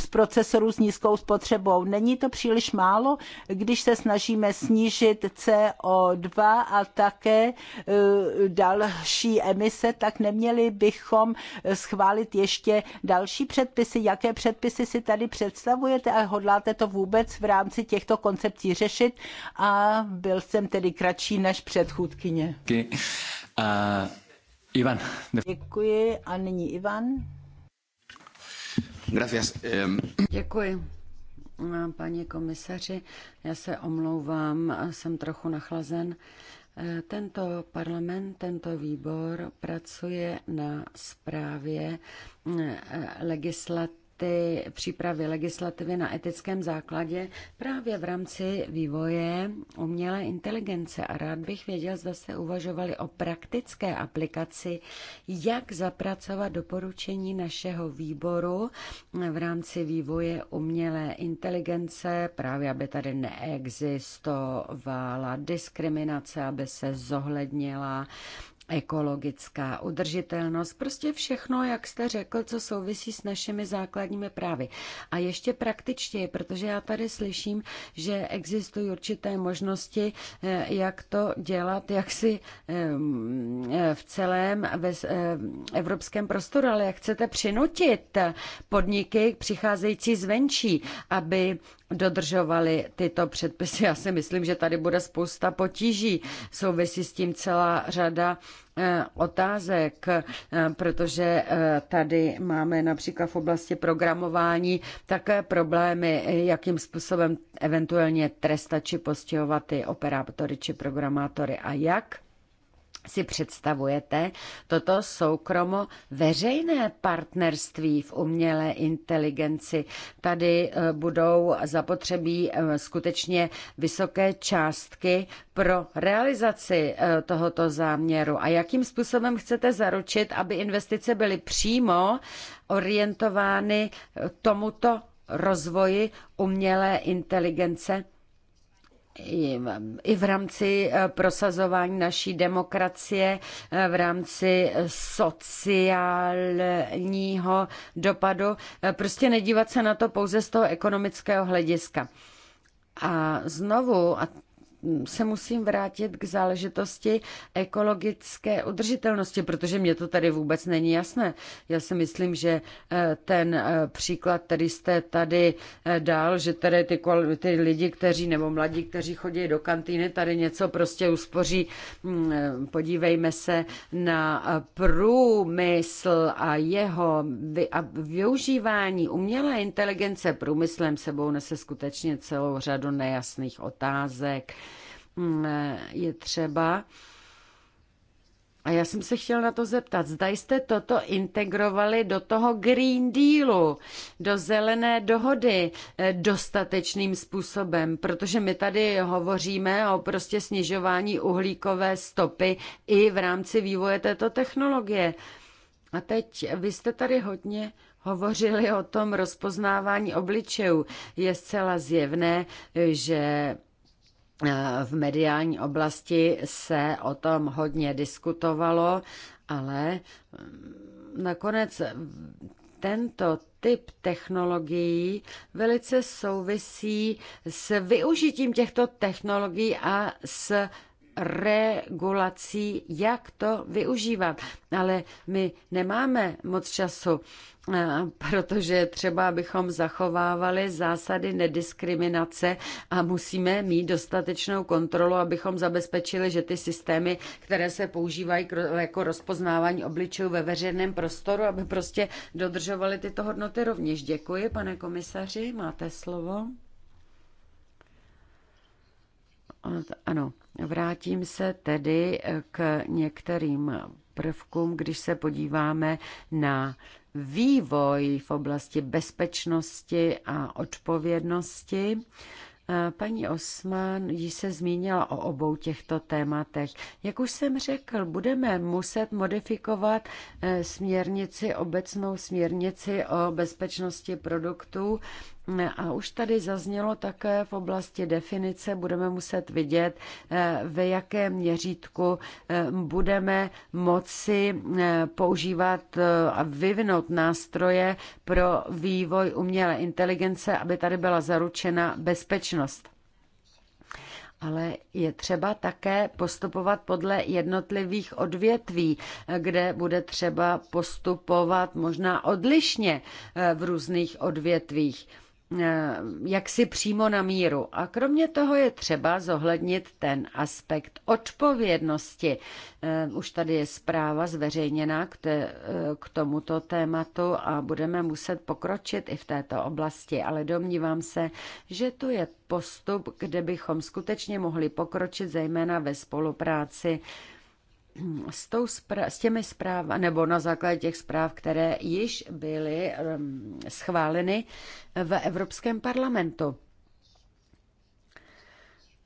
C: z procesorů s nízkou spotřebou. Není to příliš málo, když se snažíme snížit CO2 a také eh, další emise, tak neměli bychom schválit ještě další předpisy. Jaké předpisy si tady představujete a hodláte to vůbec v rámci těchto koncepcí řešit? A byl jsem tedy kratší než předchůdkyně.
A: Okay. Uh... Eh,
B: Ivan.
C: Děkuji a nyní Ivan.
B: Gracias. Děkuji. Paní komisaři, já se omlouvám, jsem trochu nachlazen. Eh, tento parlament, tento výbor pracuje na zprávě eh, legislativy ty přípravy legislativy na etickém základě právě v rámci vývoje umělé inteligence a rád bych věděl, zda se uvažovali o praktické aplikaci, jak zapracovat doporučení našeho výboru v rámci vývoje umělé inteligence, právě aby tady neexistovala diskriminace, aby se zohlednila ekologická udržitelnost, prostě všechno, jak jste řekl, co souvisí s našimi základními právy. A ještě praktičtěji, protože já tady slyším, že existují určité možnosti, eh, jak to dělat, jak si eh, v celém eh, evropském prostoru, ale jak chcete přinutit podniky přicházející zvenčí, aby dodržovali tyto předpisy. Já si myslím, že tady bude spousta potíží. Souvisí s tím celá řada eh, otázek, eh, protože eh, tady máme například v oblasti programování také problémy, jakým způsobem eventuálně trestat či postihovat ty operátory či programátory a jak si představujete toto soukromo veřejné partnerství v umělé inteligenci. Tady eh, budou zapotřebí eh, skutečně vysoké částky pro realizaci eh, tohoto záměru. A jakým způsobem chcete zaručit, aby investice byly přímo orientovány tomuto rozvoji umělé inteligence? i v rámci eh, prosazování naší demokracie, eh, v rámci sociálního dopadu, eh, prostě nedívat se na to pouze z toho ekonomického hlediska. A znovu, a se musím vrátit k záležitosti ekologické udržitelnosti, protože mě to tady vůbec není jasné. Já si myslím, že eh, ten eh, příklad, který jste tady eh, dal, že tady ty, ty lidi, kteří nebo mladí, kteří chodí do kantýny, tady něco prostě uspoří. Mm, podívejme se na průmysl a jeho vy, a využívání umělé inteligence průmyslem sebou nese skutečně celou řadu nejasných otázek Mm, je třeba. A já jsem se chtěl na to zeptat, zda jste toto integrovali do toho Green Dealu, do zelené dohody eh, dostatečným způsobem, protože my tady hovoříme o prostě snižování uhlíkové stopy i v rámci vývoje této technologie. A teď vy jste tady hodně hovořili o tom rozpoznávání obličejů. Je zcela zjevné, že Eh, v mediální oblasti se o tom hodně diskutovalo, ale mm, nakonec tento typ technologií velice souvisí s využitím těchto technologií a s regulací, jak to využívat. Ale my nemáme moc času, eh, protože třeba bychom zachovávali zásady nediskriminace a musíme mít dostatečnou kontrolu, abychom zabezpečili, že ty systémy, které se používají jako rozpoznávání obličejů ve veřejném prostoru, aby prostě dodržovaly tyto hodnoty rovněž. Děkuji, pane komisaři, máte slovo. Ano, vrátím se tedy eh, k některým prvkům, když se podíváme na vývoj v oblasti bezpečnosti a odpovědnosti. Eh, paní Osman již se zmínila o obou těchto tématech. Jak už jsem řekl, budeme muset modifikovat eh, směrnici, obecnou směrnici o bezpečnosti produktů a už tady zaznělo také v oblasti definice, budeme muset vidět, eh, ve jakém měřítku eh, budeme moci eh, používat a vyvinout nástroje pro vývoj umělé inteligence, aby tady byla zaručena bezpečnost. Ale je třeba také postupovat podle jednotlivých odvětví, kde bude třeba postupovat možná odlišně v různých odvětvích Eh, jaksi přímo na míru. A kromě toho je třeba zohlednit ten aspekt odpovědnosti. Eh, už tady je zpráva zveřejněna k, eh, k tomuto tématu a budeme muset pokročit i v této oblasti, ale domnívám se, že tu je postup, kde bychom skutečně mohli pokročit, zejména ve spolupráci s, tou spra- s těmi zpráv, nebo na základě těch zpráv, které již byly schváleny v Evropském parlamentu.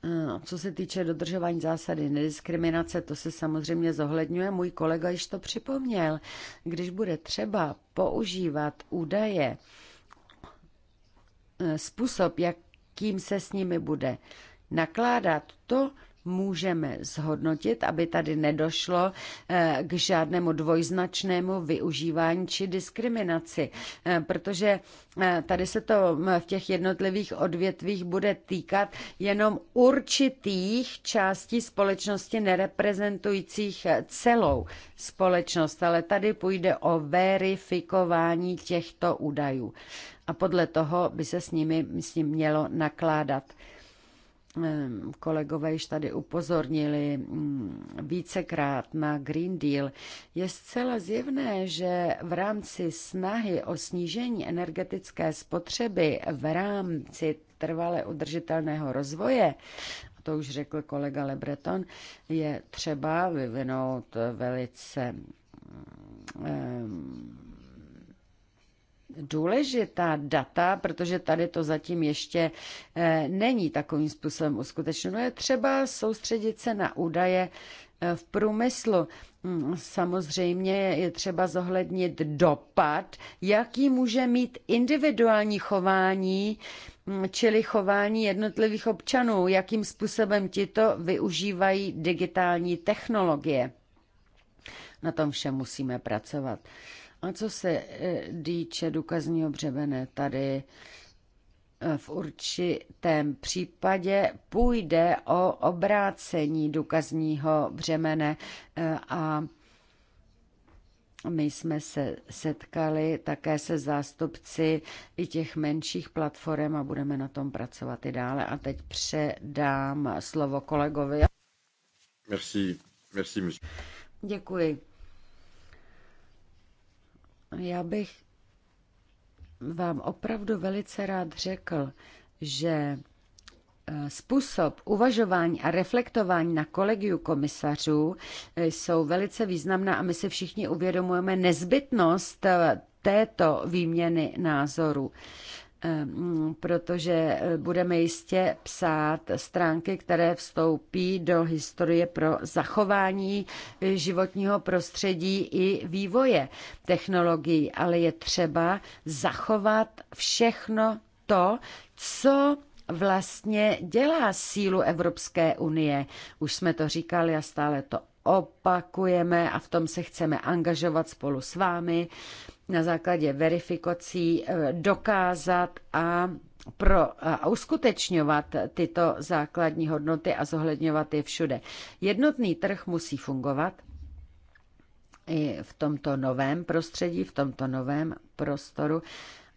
B: Eh, co se týče dodržování zásady nediskriminace, to se samozřejmě zohledňuje. Můj kolega již to připomněl. Když bude třeba používat údaje, eh, způsob, jakým se s nimi bude nakládat, to můžeme zhodnotit, aby tady nedošlo eh, k žádnému dvojznačnému využívání či diskriminaci, eh, protože eh, tady se to v těch jednotlivých odvětvích bude týkat jenom určitých částí společnosti nereprezentujících celou společnost, ale tady půjde o verifikování těchto údajů a podle toho by se s nimi s ním mělo nakládat. Ehm, kolegové již tady upozornili mm, vícekrát na Green Deal, je zcela zjevné, že v rámci snahy o snížení energetické spotřeby v rámci trvale udržitelného rozvoje, to už řekl kolega Le Breton je třeba vyvinout velice um, důležitá data, protože tady to zatím ještě eh, není takovým způsobem uskutečněno. Je třeba soustředit se na údaje eh, v průmyslu. Mm, samozřejmě je třeba zohlednit dopad, jaký může mít individuální chování, mm, čili chování jednotlivých občanů, jakým způsobem tito využívají digitální technologie. Na tom všem musíme pracovat. A co se e, týče důkazního břemene, tady e, v určitém případě půjde o obrácení důkazního břemene e, a my jsme se setkali také se zástupci i těch menších platform a budeme na tom pracovat i dále. A teď předám slovo kolegovi.
C: Merci, merci,
B: Děkuji. Já bych vám opravdu velice rád řekl, že eh, způsob uvažování a reflektování na kolegiu komisařů eh, jsou velice významná a my si všichni uvědomujeme nezbytnost eh, této výměny názorů. Ehm, protože eh, budeme jistě psát stránky, které vstoupí do historie pro zachování eh, životního prostředí i vývoje technologií, ale je třeba zachovat všechno to, co vlastně dělá sílu Evropské unie. Už jsme to říkali a stále to opakujeme a v tom se chceme angažovat spolu s vámi na základě verifikací eh, dokázat a pro a uskutečňovat tyto základní hodnoty a zohledňovat je všude. Jednotný trh musí fungovat i v tomto novém prostředí, v tomto novém prostoru.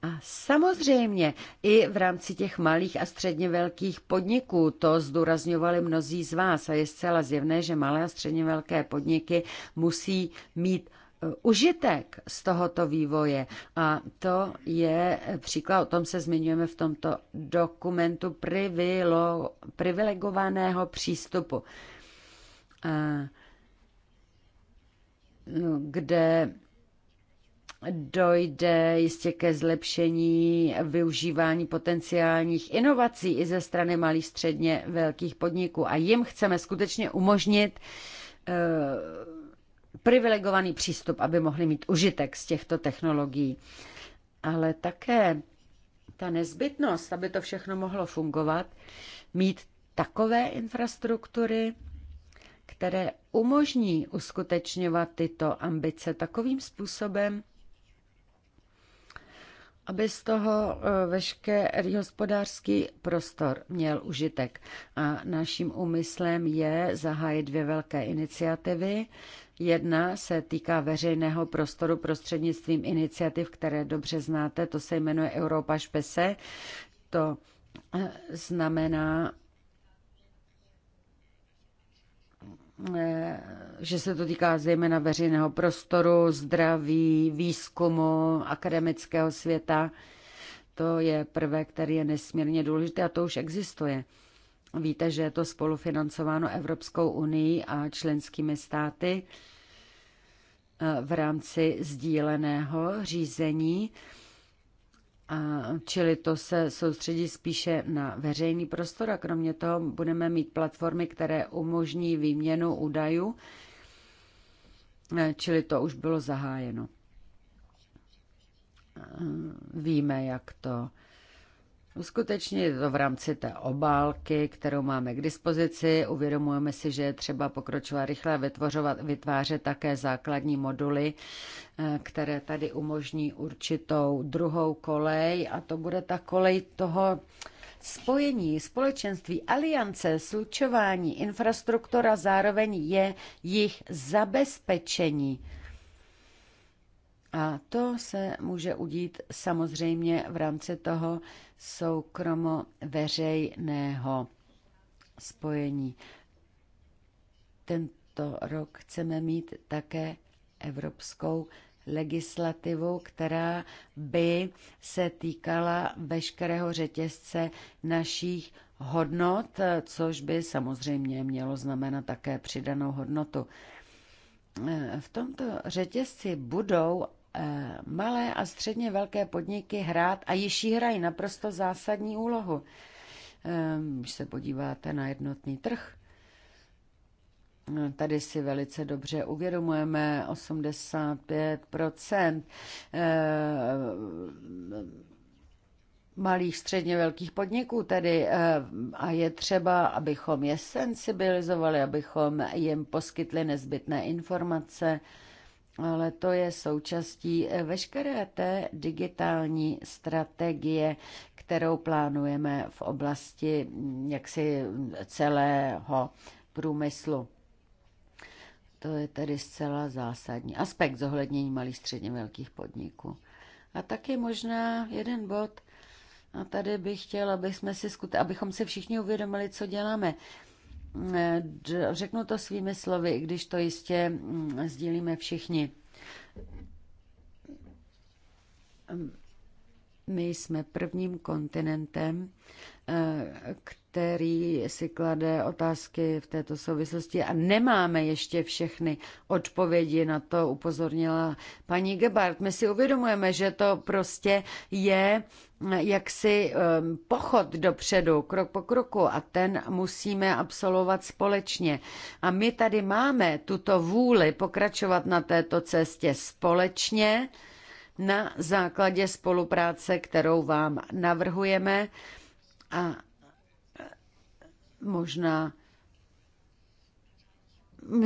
B: A samozřejmě i v rámci těch malých a středně velkých podniků, to zdůrazňovali mnozí z vás a je zcela zjevné, že malé a středně velké podniky musí mít Eh, užitek z tohoto vývoje. A to je příklad, o tom se zmiňujeme v tomto dokumentu privilo, privilegovaného přístupu, eh, no, kde dojde jistě ke zlepšení využívání potenciálních inovací i ze strany malých středně velkých podniků. A jim chceme skutečně umožnit eh, privilegovaný přístup, aby mohli mít užitek z těchto technologií. Ale také ta nezbytnost, aby to všechno mohlo fungovat, mít takové infrastruktury, které umožní uskutečňovat tyto ambice takovým způsobem, aby z toho eh, veškerý hospodářský prostor měl užitek. A naším úmyslem je zahájit dvě velké iniciativy. Jedna se týká veřejného prostoru prostřednictvím iniciativ, které dobře znáte. To se jmenuje Europa Špese. To eh, znamená Eh, že se to týká zejména veřejného prostoru, zdraví, výzkumu, akademického světa. To je prvek, který je nesmírně důležitý a to už existuje. Víte, že je to spolufinancováno Evropskou unii a členskými státy eh, v rámci sdíleného řízení a čili to se soustředí spíše na veřejný prostor a kromě toho budeme mít platformy, které umožní výměnu údajů, eh, čili to už bylo zahájeno. Eh, víme, jak to Skutečně je to v rámci té obálky, kterou máme k dispozici. Uvědomujeme si, že je třeba pokročovat rychle a vytvářet také základní moduly, eh, které tady umožní určitou druhou kolej a to bude ta kolej toho spojení, společenství, aliance, slučování, infrastruktura zároveň je jich zabezpečení a to se může udít samozřejmě v rámci toho soukromo-veřejného spojení. Tento rok chceme mít také evropskou legislativu, která by se týkala veškerého řetězce našich hodnot, což by samozřejmě mělo znamenat také přidanou hodnotu. V tomto řetězci budou Eh, malé a středně velké podniky hrát a již hrají naprosto zásadní úlohu. Eh, když se podíváte na jednotný trh, eh, Tady si velice dobře uvědomujeme 85 malých středně velkých podniků tedy a je třeba, abychom je sensibilizovali, abychom jim poskytli nezbytné informace, ale to je součástí eh, veškeré té digitální strategie, kterou plánujeme v oblasti mm, jaksi celého průmyslu. To je tedy zcela zásadní aspekt zohlednění malých středně velkých podniků. A taky možná jeden bod, a tady bych chtěl, aby si skute- abychom si všichni uvědomili, co děláme. Eh, řeknu to svými slovy, i když to jistě mm, sdílíme všichni. My jsme prvním kontinentem, eh, který který si klade otázky v této souvislosti a nemáme ještě všechny odpovědi. Na to upozornila paní Gebhardt. My si uvědomujeme, že to prostě je eh, jaksi eh, pochod dopředu, krok po kroku a ten musíme absolvovat společně. A my tady máme tuto vůli pokračovat na této cestě společně na základě spolupráce, kterou vám navrhujeme a Možná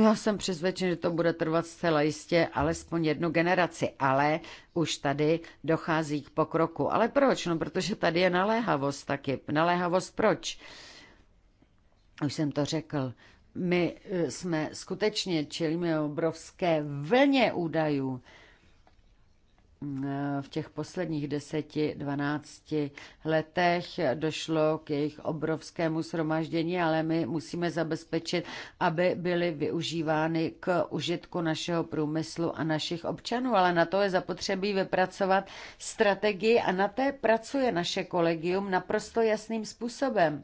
B: já jsem přesvědčen, že to bude trvat zcela jistě alespoň jednu generaci, ale už tady dochází k pokroku. Ale proč? No, protože tady je naléhavost taky. Naléhavost proč? Už jsem to řekl. My eh, jsme skutečně čelíme obrovské vlně údajů v těch posledních deseti, dvanácti letech došlo k jejich obrovskému shromaždění, ale my musíme zabezpečit, aby byly využívány k užitku našeho průmyslu a našich občanů. Ale na to je zapotřebí vypracovat strategii a na té pracuje naše kolegium naprosto jasným způsobem.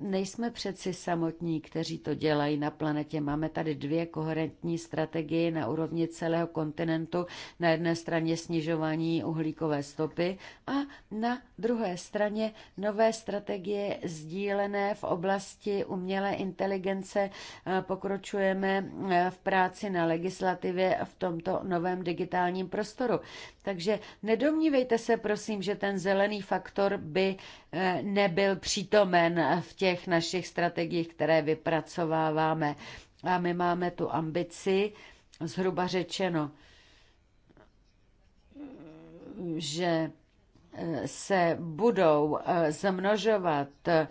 B: nejsme přeci samotní, kteří to dělají na planetě. Máme tady dvě koherentní strategie na úrovni celého kontinentu. Na jedné straně snižování uhlíkové stopy a na druhé straně nové strategie sdílené v oblasti umělé inteligence. Eh, pokročujeme eh, v práci na legislativě v tomto novém digitálním prostoru. Takže nedomnívejte se, prosím, že ten zelený faktor by eh, nebyl přítomen v těch těch našich strategiích, které vypracováváme. A my máme tu ambici, zhruba řečeno, že eh, se budou eh, zmnožovat eh,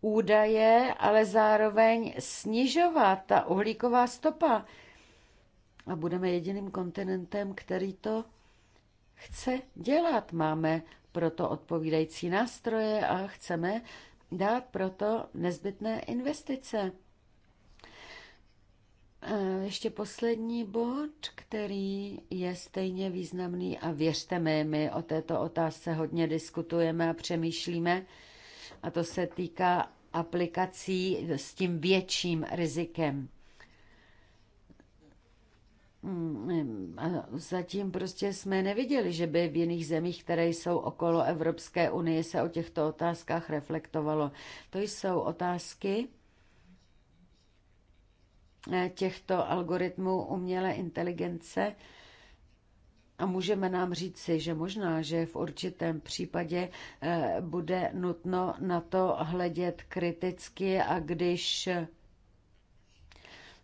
B: údaje, ale zároveň snižovat ta uhlíková stopa. A budeme jediným kontinentem, který to chce dělat. Máme proto odpovídající nástroje a chceme dát proto nezbytné investice. Ještě poslední bod, který je stejně významný a věřte mi, my o této otázce hodně diskutujeme a přemýšlíme a to se týká aplikací s tím větším rizikem. Mm, zatím prostě jsme neviděli, že by v jiných zemích, které jsou okolo Evropské unie, se o těchto otázkách reflektovalo. To jsou otázky eh, těchto algoritmů umělé inteligence, a můžeme nám říci, že možná, že v určitém případě eh, bude nutno na to hledět kriticky a když eh,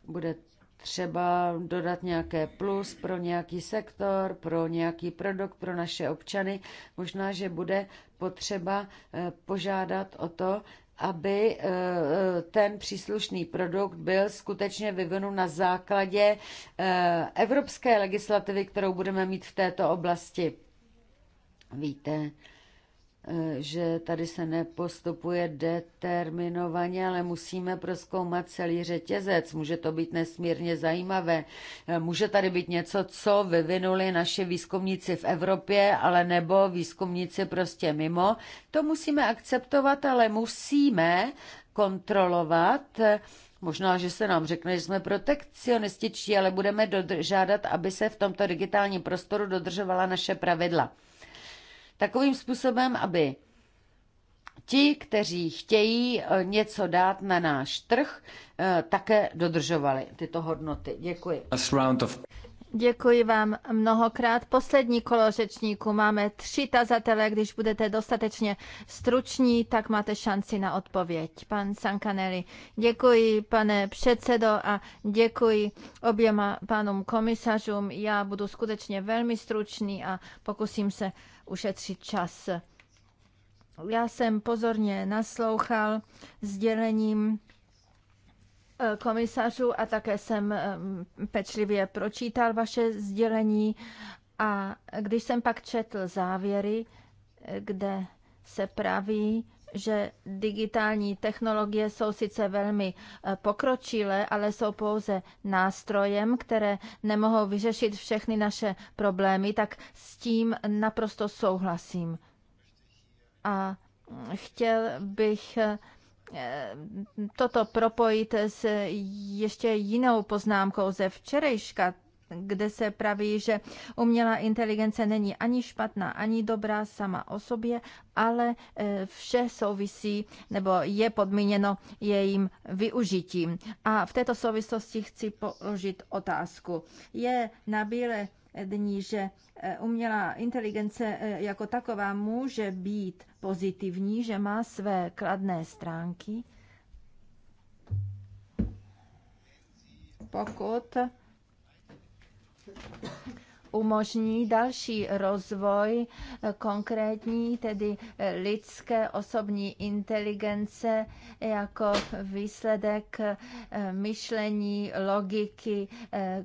B: bude třeba dodat nějaké plus pro nějaký sektor, pro nějaký produkt, pro naše občany. Možná, že bude potřeba eh, požádat o to, aby eh, eh, ten příslušný produkt byl skutečně vyvinut na základě evropské legislativy, kterou budeme mít v této oblasti. Víte, Eh, že tady se nepostupuje determinovaně, ale musíme proskoumat celý řetězec. Může to být nesmírně zajímavé. Eh, může tady být něco, co vyvinuli naše výzkumníci v Evropě, ale nebo výzkumníci prostě mimo. To musíme akceptovat, ale musíme kontrolovat Možná, že se nám řekne, že jsme protekcionističtí, ale budeme žádat, aby se v tomto digitálním prostoru dodržovala naše pravidla. Takovým způsobem, aby ti, kteří chtějí eh, něco dát na náš trh, eh, také dodržovali tyto hodnoty. Děkuji.
A: Děkuji vám mnohokrát. Poslední kolo řečníku. Máme tři tazatele. Když budete dostatečně struční, tak máte šanci na odpověď. Pan Sankanelli, děkuji pane předsedo a děkuji oběma pánům komisařům. Já budu skutečně velmi stručný a pokusím se ušetřit čas. Já jsem pozorně naslouchal sdělením eh, komisařů a také jsem eh, pečlivě pročítal vaše sdělení a když jsem pak četl závěry, eh, kde se praví, že digitální technologie jsou sice velmi eh, pokročilé, ale jsou pouze nástrojem, které nemohou vyřešit všechny naše problémy, tak s tím naprosto souhlasím. A hm, chtěl bych eh, toto propojit s ještě jinou poznámkou ze včerejška kde se praví, že umělá inteligence není ani špatná, ani dobrá sama o sobě, ale e, vše souvisí nebo je podmíněno jejím využitím. A v této souvislosti chci položit otázku. Je na bíle dní, že e, umělá inteligence e, jako taková může být pozitivní, že má své kladné stránky? Pokud umožní další rozvoj eh, konkrétní, tedy eh, lidské osobní inteligence jako výsledek eh, myšlení, logiky,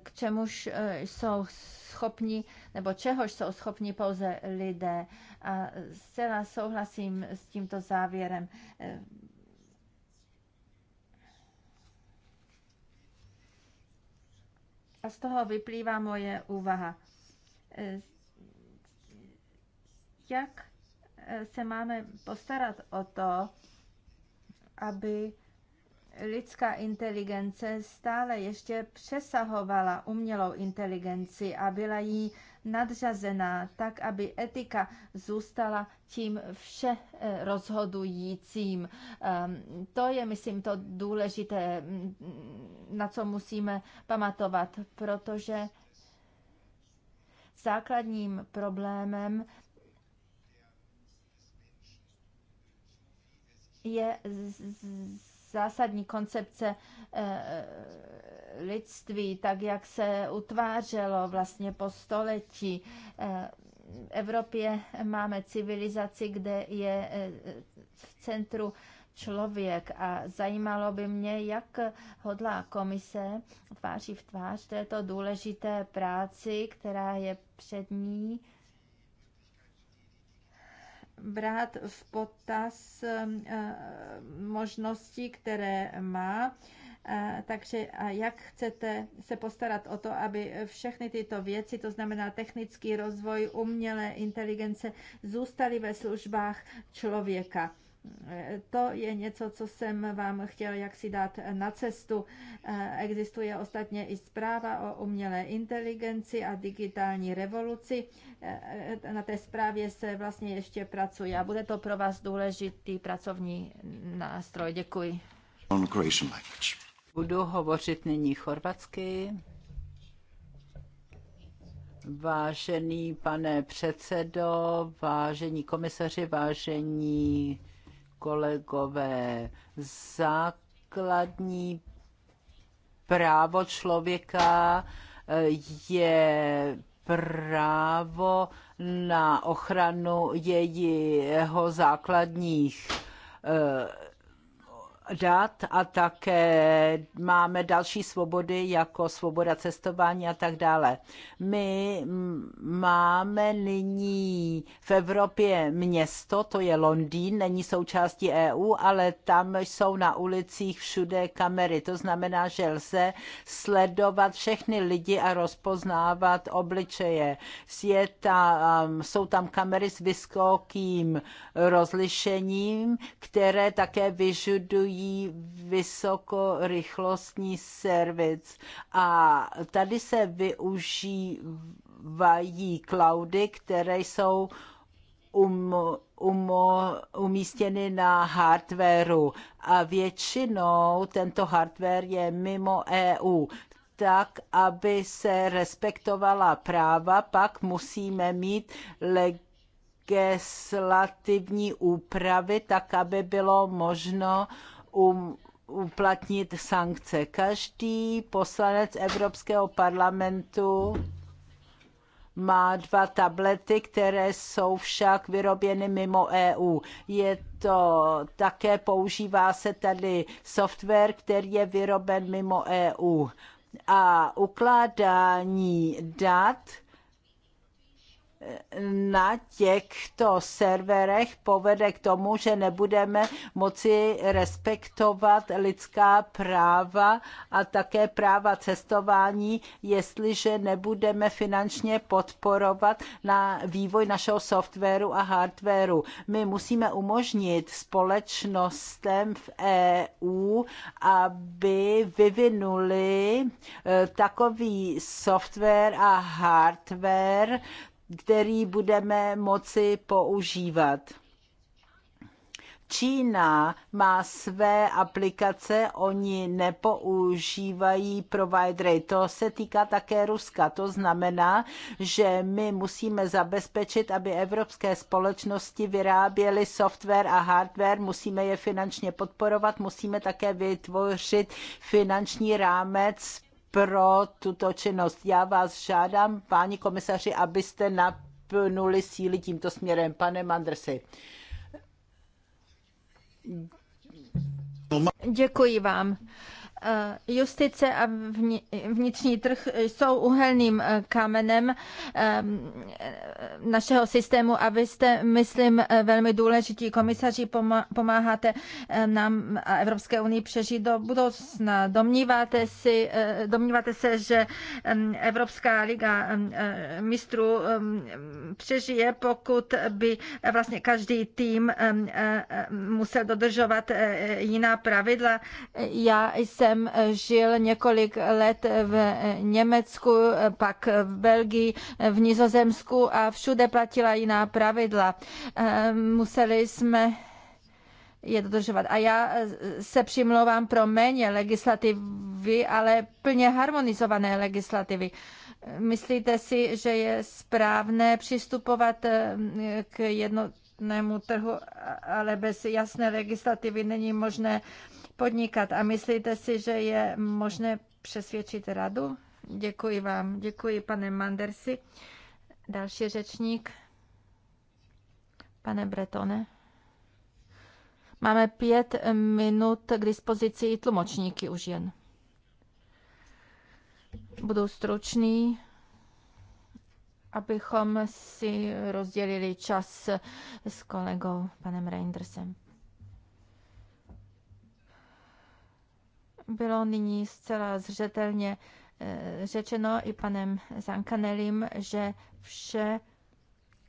A: k čemuž jsou schopni, nebo čehož jsou schopni pouze lidé. A zcela souhlasím s tímto závěrem. A z toho vyplývá moje úvaha. Eh, jak eh, se máme postarat o to, aby lidská inteligence stále ještě přesahovala umělou inteligenci a byla jí nadřazená, tak aby etika zůstala tím vše eh, rozhodujícím. Ehm, to je, myslím, to důležité, mm, na co musíme pamatovat, protože základním problémem je z zásadní koncepce eh, lidství, tak jak se utvářelo vlastně po století. Eh, v Evropě máme civilizaci, kde je eh, v centru člověk a zajímalo by mě, jak hodlá komise tváří v tvář této důležité práci, která je před ní, brát v potaz eh, možnosti, které má. Eh, takže jak chcete se postarat o to, aby všechny tyto věci, to znamená technický rozvoj umělé inteligence, zůstaly ve službách člověka? To je něco, co jsem vám chtěl jaksi dát na cestu. Existuje ostatně i zpráva o umělé inteligenci a digitální revoluci. Na té zprávě se vlastně ještě pracuje a bude to pro vás důležitý
C: pracovní nástroj. Děkuji. Budu hovořit nyní chorvatsky. Vážený pane předsedo, vážení komisaři, vážení kolegové. Základní právo člověka eh, je právo na ochranu jejího základních eh, dat a také máme další svobody, jako svoboda cestování a tak dále. My máme nyní v Evropě město, to je Londýn, není součástí EU, ale tam jsou na ulicích všude kamery. To znamená, že lze sledovat všechny lidi a rozpoznávat obličeje. Je tam, jsou tam kamery s vysokým rozlišením, které také vyžadují poskytují vysokorychlostní servis. A tady se využívají cloudy, které jsou um, um, umístěny na hardwareu. A většinou tento hardware je mimo EU tak, aby se respektovala práva, pak musíme mít legislativní úpravy, tak, aby bylo možno uh, um, uplatnit sankce. Každý poslanec Evropského parlamentu má dva tablety, které jsou však vyroběny mimo EU. Je to také používá se tady software, který je vyroben mimo EU. A ukládání dat na těchto serverech povede k tomu, že nebudeme moci respektovat lidská práva a také práva cestování, jestliže nebudeme finančně podporovat na vývoj našeho softwaru a hardwaru. My musíme umožnit společnostem v EU, aby vyvinuli eh, takový software a hardware, který budeme moci používat. Čína má své aplikace, oni nepoužívají providery. To se týká také Ruska. To znamená, že my musíme zabezpečit, aby evropské společnosti vyráběly software a hardware, musíme je finančně podporovat, musíme také vytvořit finanční rámec pro tuto činnost. Já vás žádám, páni komisaři, abyste napnuli síly tímto směrem. Pane Mandrsi. Děkuji vám. Eh, justice
A: a vnitřní trh jsou uhelným eh, kamenem eh, našeho systému a vy jste, myslím, velmi důležití komisaři, pomáháte nám a Evropské unii přežít do budoucna. Domníváte, si, domníváte se, že mm, Evropská liga mm, mistrů mm, přežije, pokud by vlastně každý tým musel dodržovat jiná pravidla. Já jsem jsem žil několik let v Německu, pak v Belgii, v Nizozemsku a všude platila jiná pravidla. Ehm, museli jsme je dodržovat. A já se přimlouvám pro méně legislativy, ale plně harmonizované legislativy. Myslíte si, že je správné přistupovat ehm, k jednotnému trhu, ale bez jasné legislativy není možné podnikat. A myslíte si, že je možné přesvědčit radu? Děkuji vám. Děkuji, pane Mandersi. Další řečník. Pane Bretone. Máme pět minut k dispozici i tlumočníky už jen. Budu stručný, abychom si rozdělili čas s kolegou panem Reindersem. bylo nyní zcela zřetelně eh, řečeno i panem Zankanelim, že vše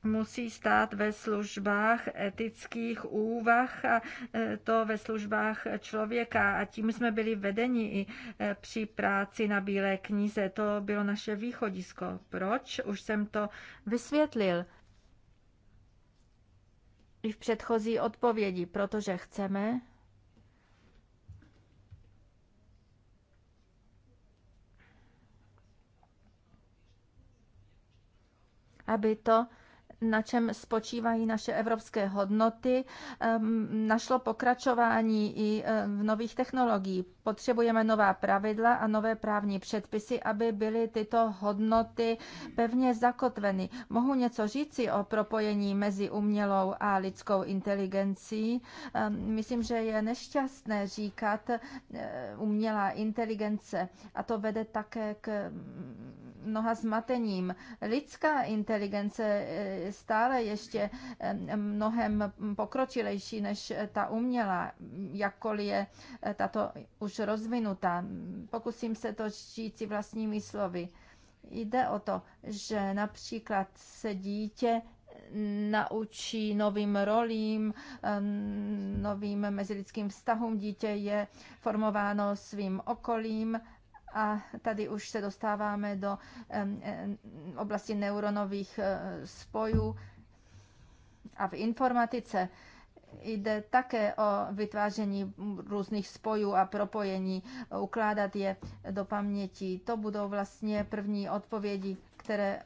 A: musí stát ve službách etických úvah a eh, to ve službách člověka. A tím jsme byli vedeni i eh, při práci na Bílé knize. To bylo naše východisko. Proč? Už jsem to vysvětlil i v předchozí odpovědi, protože chceme, aby to, na čem spočívají naše evropské hodnoty, našlo pokračování i v nových technologií. Potřebujeme nová pravidla a nové právní předpisy, aby byly tyto hodnoty pevně zakotveny. Mohu něco říci o propojení mezi umělou a lidskou inteligencí? Myslím, že je nešťastné říkat umělá inteligence a to vede také k mnoha zmatením. Lidská inteligence je eh, stále ještě eh, mnohem pokročilejší než eh, ta umělá, jakkoliv je tato už rozvinutá. Pokusím se to říci vlastními slovy. Jde o to, že například se dítě naučí novým rolím, novým mezilidským vztahům. Dítě je formováno svým okolím a tady už se dostáváme do oblasti neuronových eh, spojů. A v informatice jde také o vytváření různých spojů a propojení, ukládat je do paměti. To budou vlastně první odpovědi, které,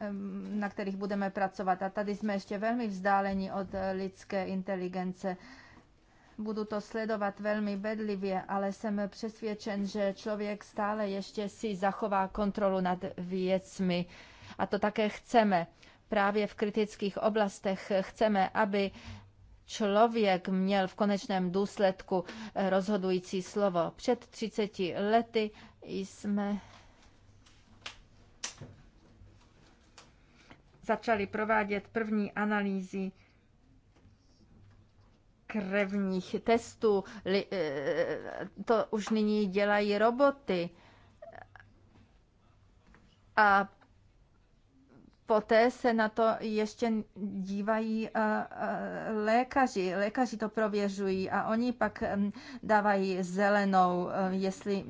A: na kterých budeme pracovat. A tady jsme ještě velmi vzdáleni od lidské inteligence. Budu to sledovat velmi bedlivě, ale jsem přesvědčen, že člověk stále ještě si zachová kontrolu nad věcmi. A to také chceme. Právě v kritických oblastech chceme, aby člověk měl v konečném důsledku eh, rozhodující slovo. Před 30 lety jsme začali provádět první analýzy krevních testů. Eh, to už nyní dělají roboty. A poté se na to ještě dívají eh, eh, lékaři. Lékaři to prověřují a oni pak mm, dávají zelenou, eh, jestli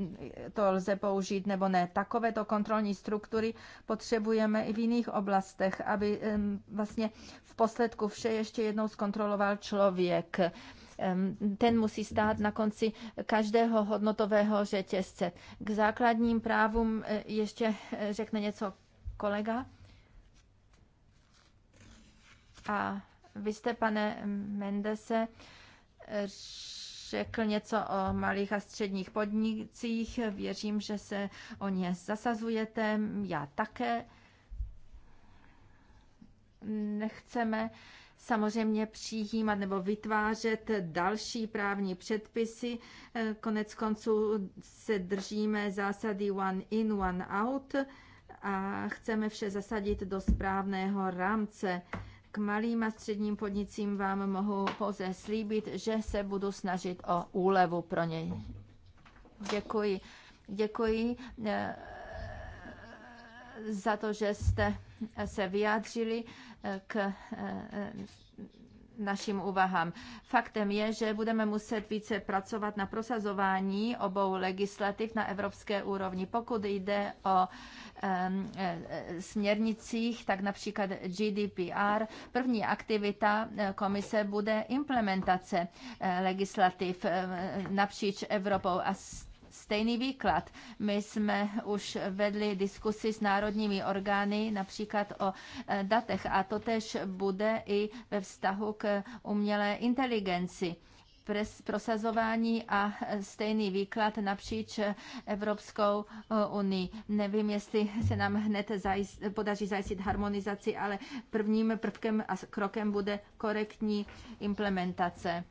A: to lze použít nebo ne. Takovéto kontrolní struktury potřebujeme i v jiných oblastech, aby mm, vlastně v posledku vše ještě jednou zkontroloval člověk ten musí stát na konci každého hodnotového řetězce. K základním právům ještě řekne něco kolega. A vy jste, pane Mendese, řekl něco o malých a středních podnicích. Věřím, že se o ně zasazujete. Já také. Nechceme samozřejmě přijímat nebo vytvářet další právní předpisy. Konec konců se držíme zásady one in, one out a chceme vše zasadit do správného rámce k malým a středním podnicím vám mohu pouze slíbit, že se budu snažit o úlevu pro ně. Děkuji. Děkuji eh, za to, že jste se vyjádřili eh, k eh, našim úvahám. Faktem je, že budeme muset více pracovat na prosazování obou legislativ na evropské úrovni. Pokud jde o um, směrnicích, tak například GDPR, první aktivita e, komise bude implementace legislativ napříč Evropou a s stejný výklad. My jsme už vedli diskusy s národními orgány, například o e, datech, a to tež bude i ve vztahu k umělé inteligenci prosazování a stejný výklad napříč Evropskou e, unii. Nevím, jestli se nám hned zajist, podaří zajistit harmonizaci, ale prvním prvkem a krokem bude korektní implementace.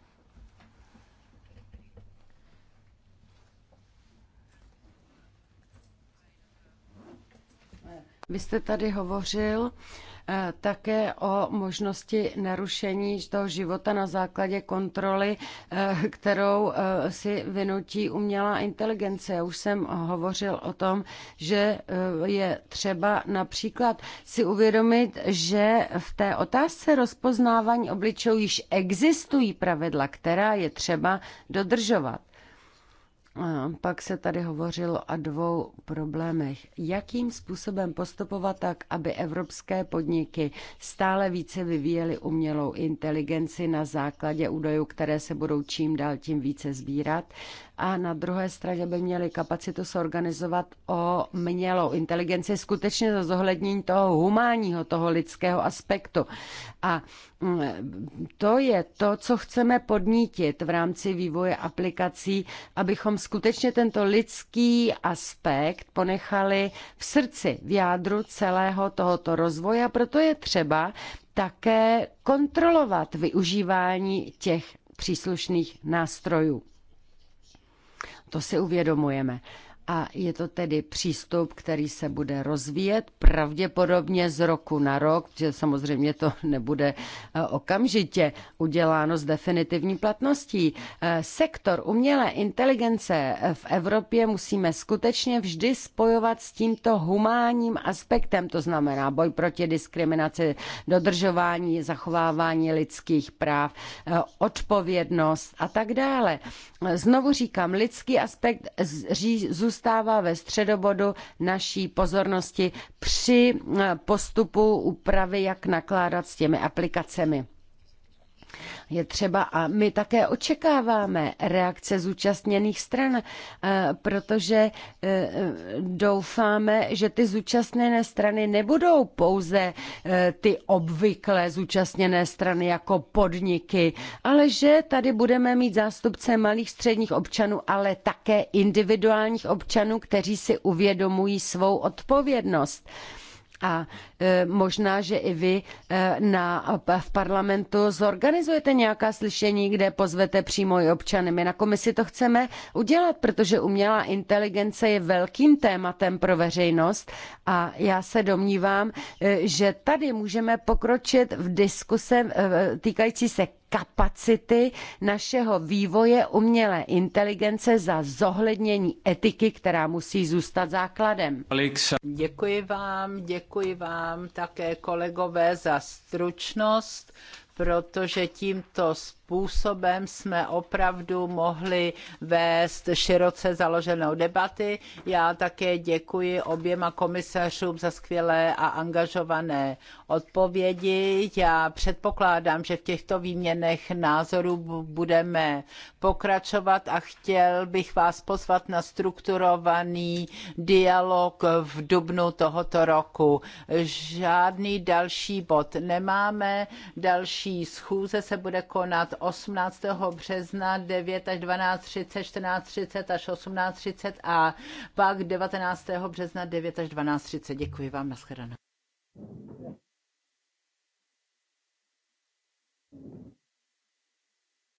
B: Vy jste tady hovořil eh, také o možnosti narušení toho života na základě kontroly, eh, kterou eh, si vynutí umělá inteligence. Já už jsem hovořil o tom, že je třeba například si uvědomit, že v té otázce rozpoznávání obličejů již existují pravidla, která je třeba dodržovat. Pak se tady hovořilo o dvou problémech. Jakým způsobem postupovat tak, aby evropské podniky stále více vyvíjely umělou inteligenci na základě údajů, které se budou čím dál tím více sbírat? A na druhé straně by měly kapacitu zorganizovat o umělou inteligenci skutečně za zohlednění toho humánního, toho lidského aspektu. A mm, to je to, co chceme podnítit v rámci vývoje aplikací, abychom skutečně tento lidský aspekt ponechali v srdci, v jádru celého tohoto rozvoje a proto je třeba také kontrolovat využívání těch příslušných nástrojů. To si uvědomujeme. A je to tedy přístup, který se bude rozvíjet pravděpodobně z roku na rok, protože samozřejmě to nebude e, okamžitě uděláno s definitivní platností. E, sektor umělé inteligence v Evropě musíme skutečně vždy spojovat s tímto humánním aspektem, to znamená boj proti diskriminaci, dodržování, zachovávání lidských práv, e, odpovědnost a tak dále. Znovu říkám, lidský aspekt zůstává zůstává ve středobodu naší pozornosti při postupu úpravy, jak nakládat s těmi aplikacemi. Je třeba a my také očekáváme reakce zúčastněných stran, eh, protože eh, doufáme, že ty zúčastněné strany nebudou pouze eh, ty obvyklé zúčastněné strany jako podniky, ale že tady budeme mít zástupce malých středních občanů, ale také individuálních občanů, kteří si uvědomují svou odpovědnost. A e, možná, že i vy e, na, v parlamentu zorganizujete nějaká slyšení, kde pozvete přímo i občany. My na komisi to chceme udělat, protože umělá inteligence je velkým tématem pro veřejnost a já se domnívám, e, že tady můžeme pokročit v diskuse e, e týkající se kapacity našeho vývoje umělé inteligence za zohlednění etiky, která musí zůstat
C: základem. Děkuji vám, děkuji vám také kolegové za stručnost, protože tímto způsobem jsme opravdu mohli vést široce založenou debaty. Já také děkuji oběma komisařům za skvělé a angažované odpovědi. Já předpokládám, že v těchto výměnech názorů budeme pokračovat a chtěl bych vás pozvat na strukturovaný dialog v dubnu tohoto roku. Žádný další bod nemáme. Další schůze se bude konat 18. března 9 až 12.30, 14.30 až 18.30 a pak 19. března 9 až 12.30. Děkuji vám, nashledanou.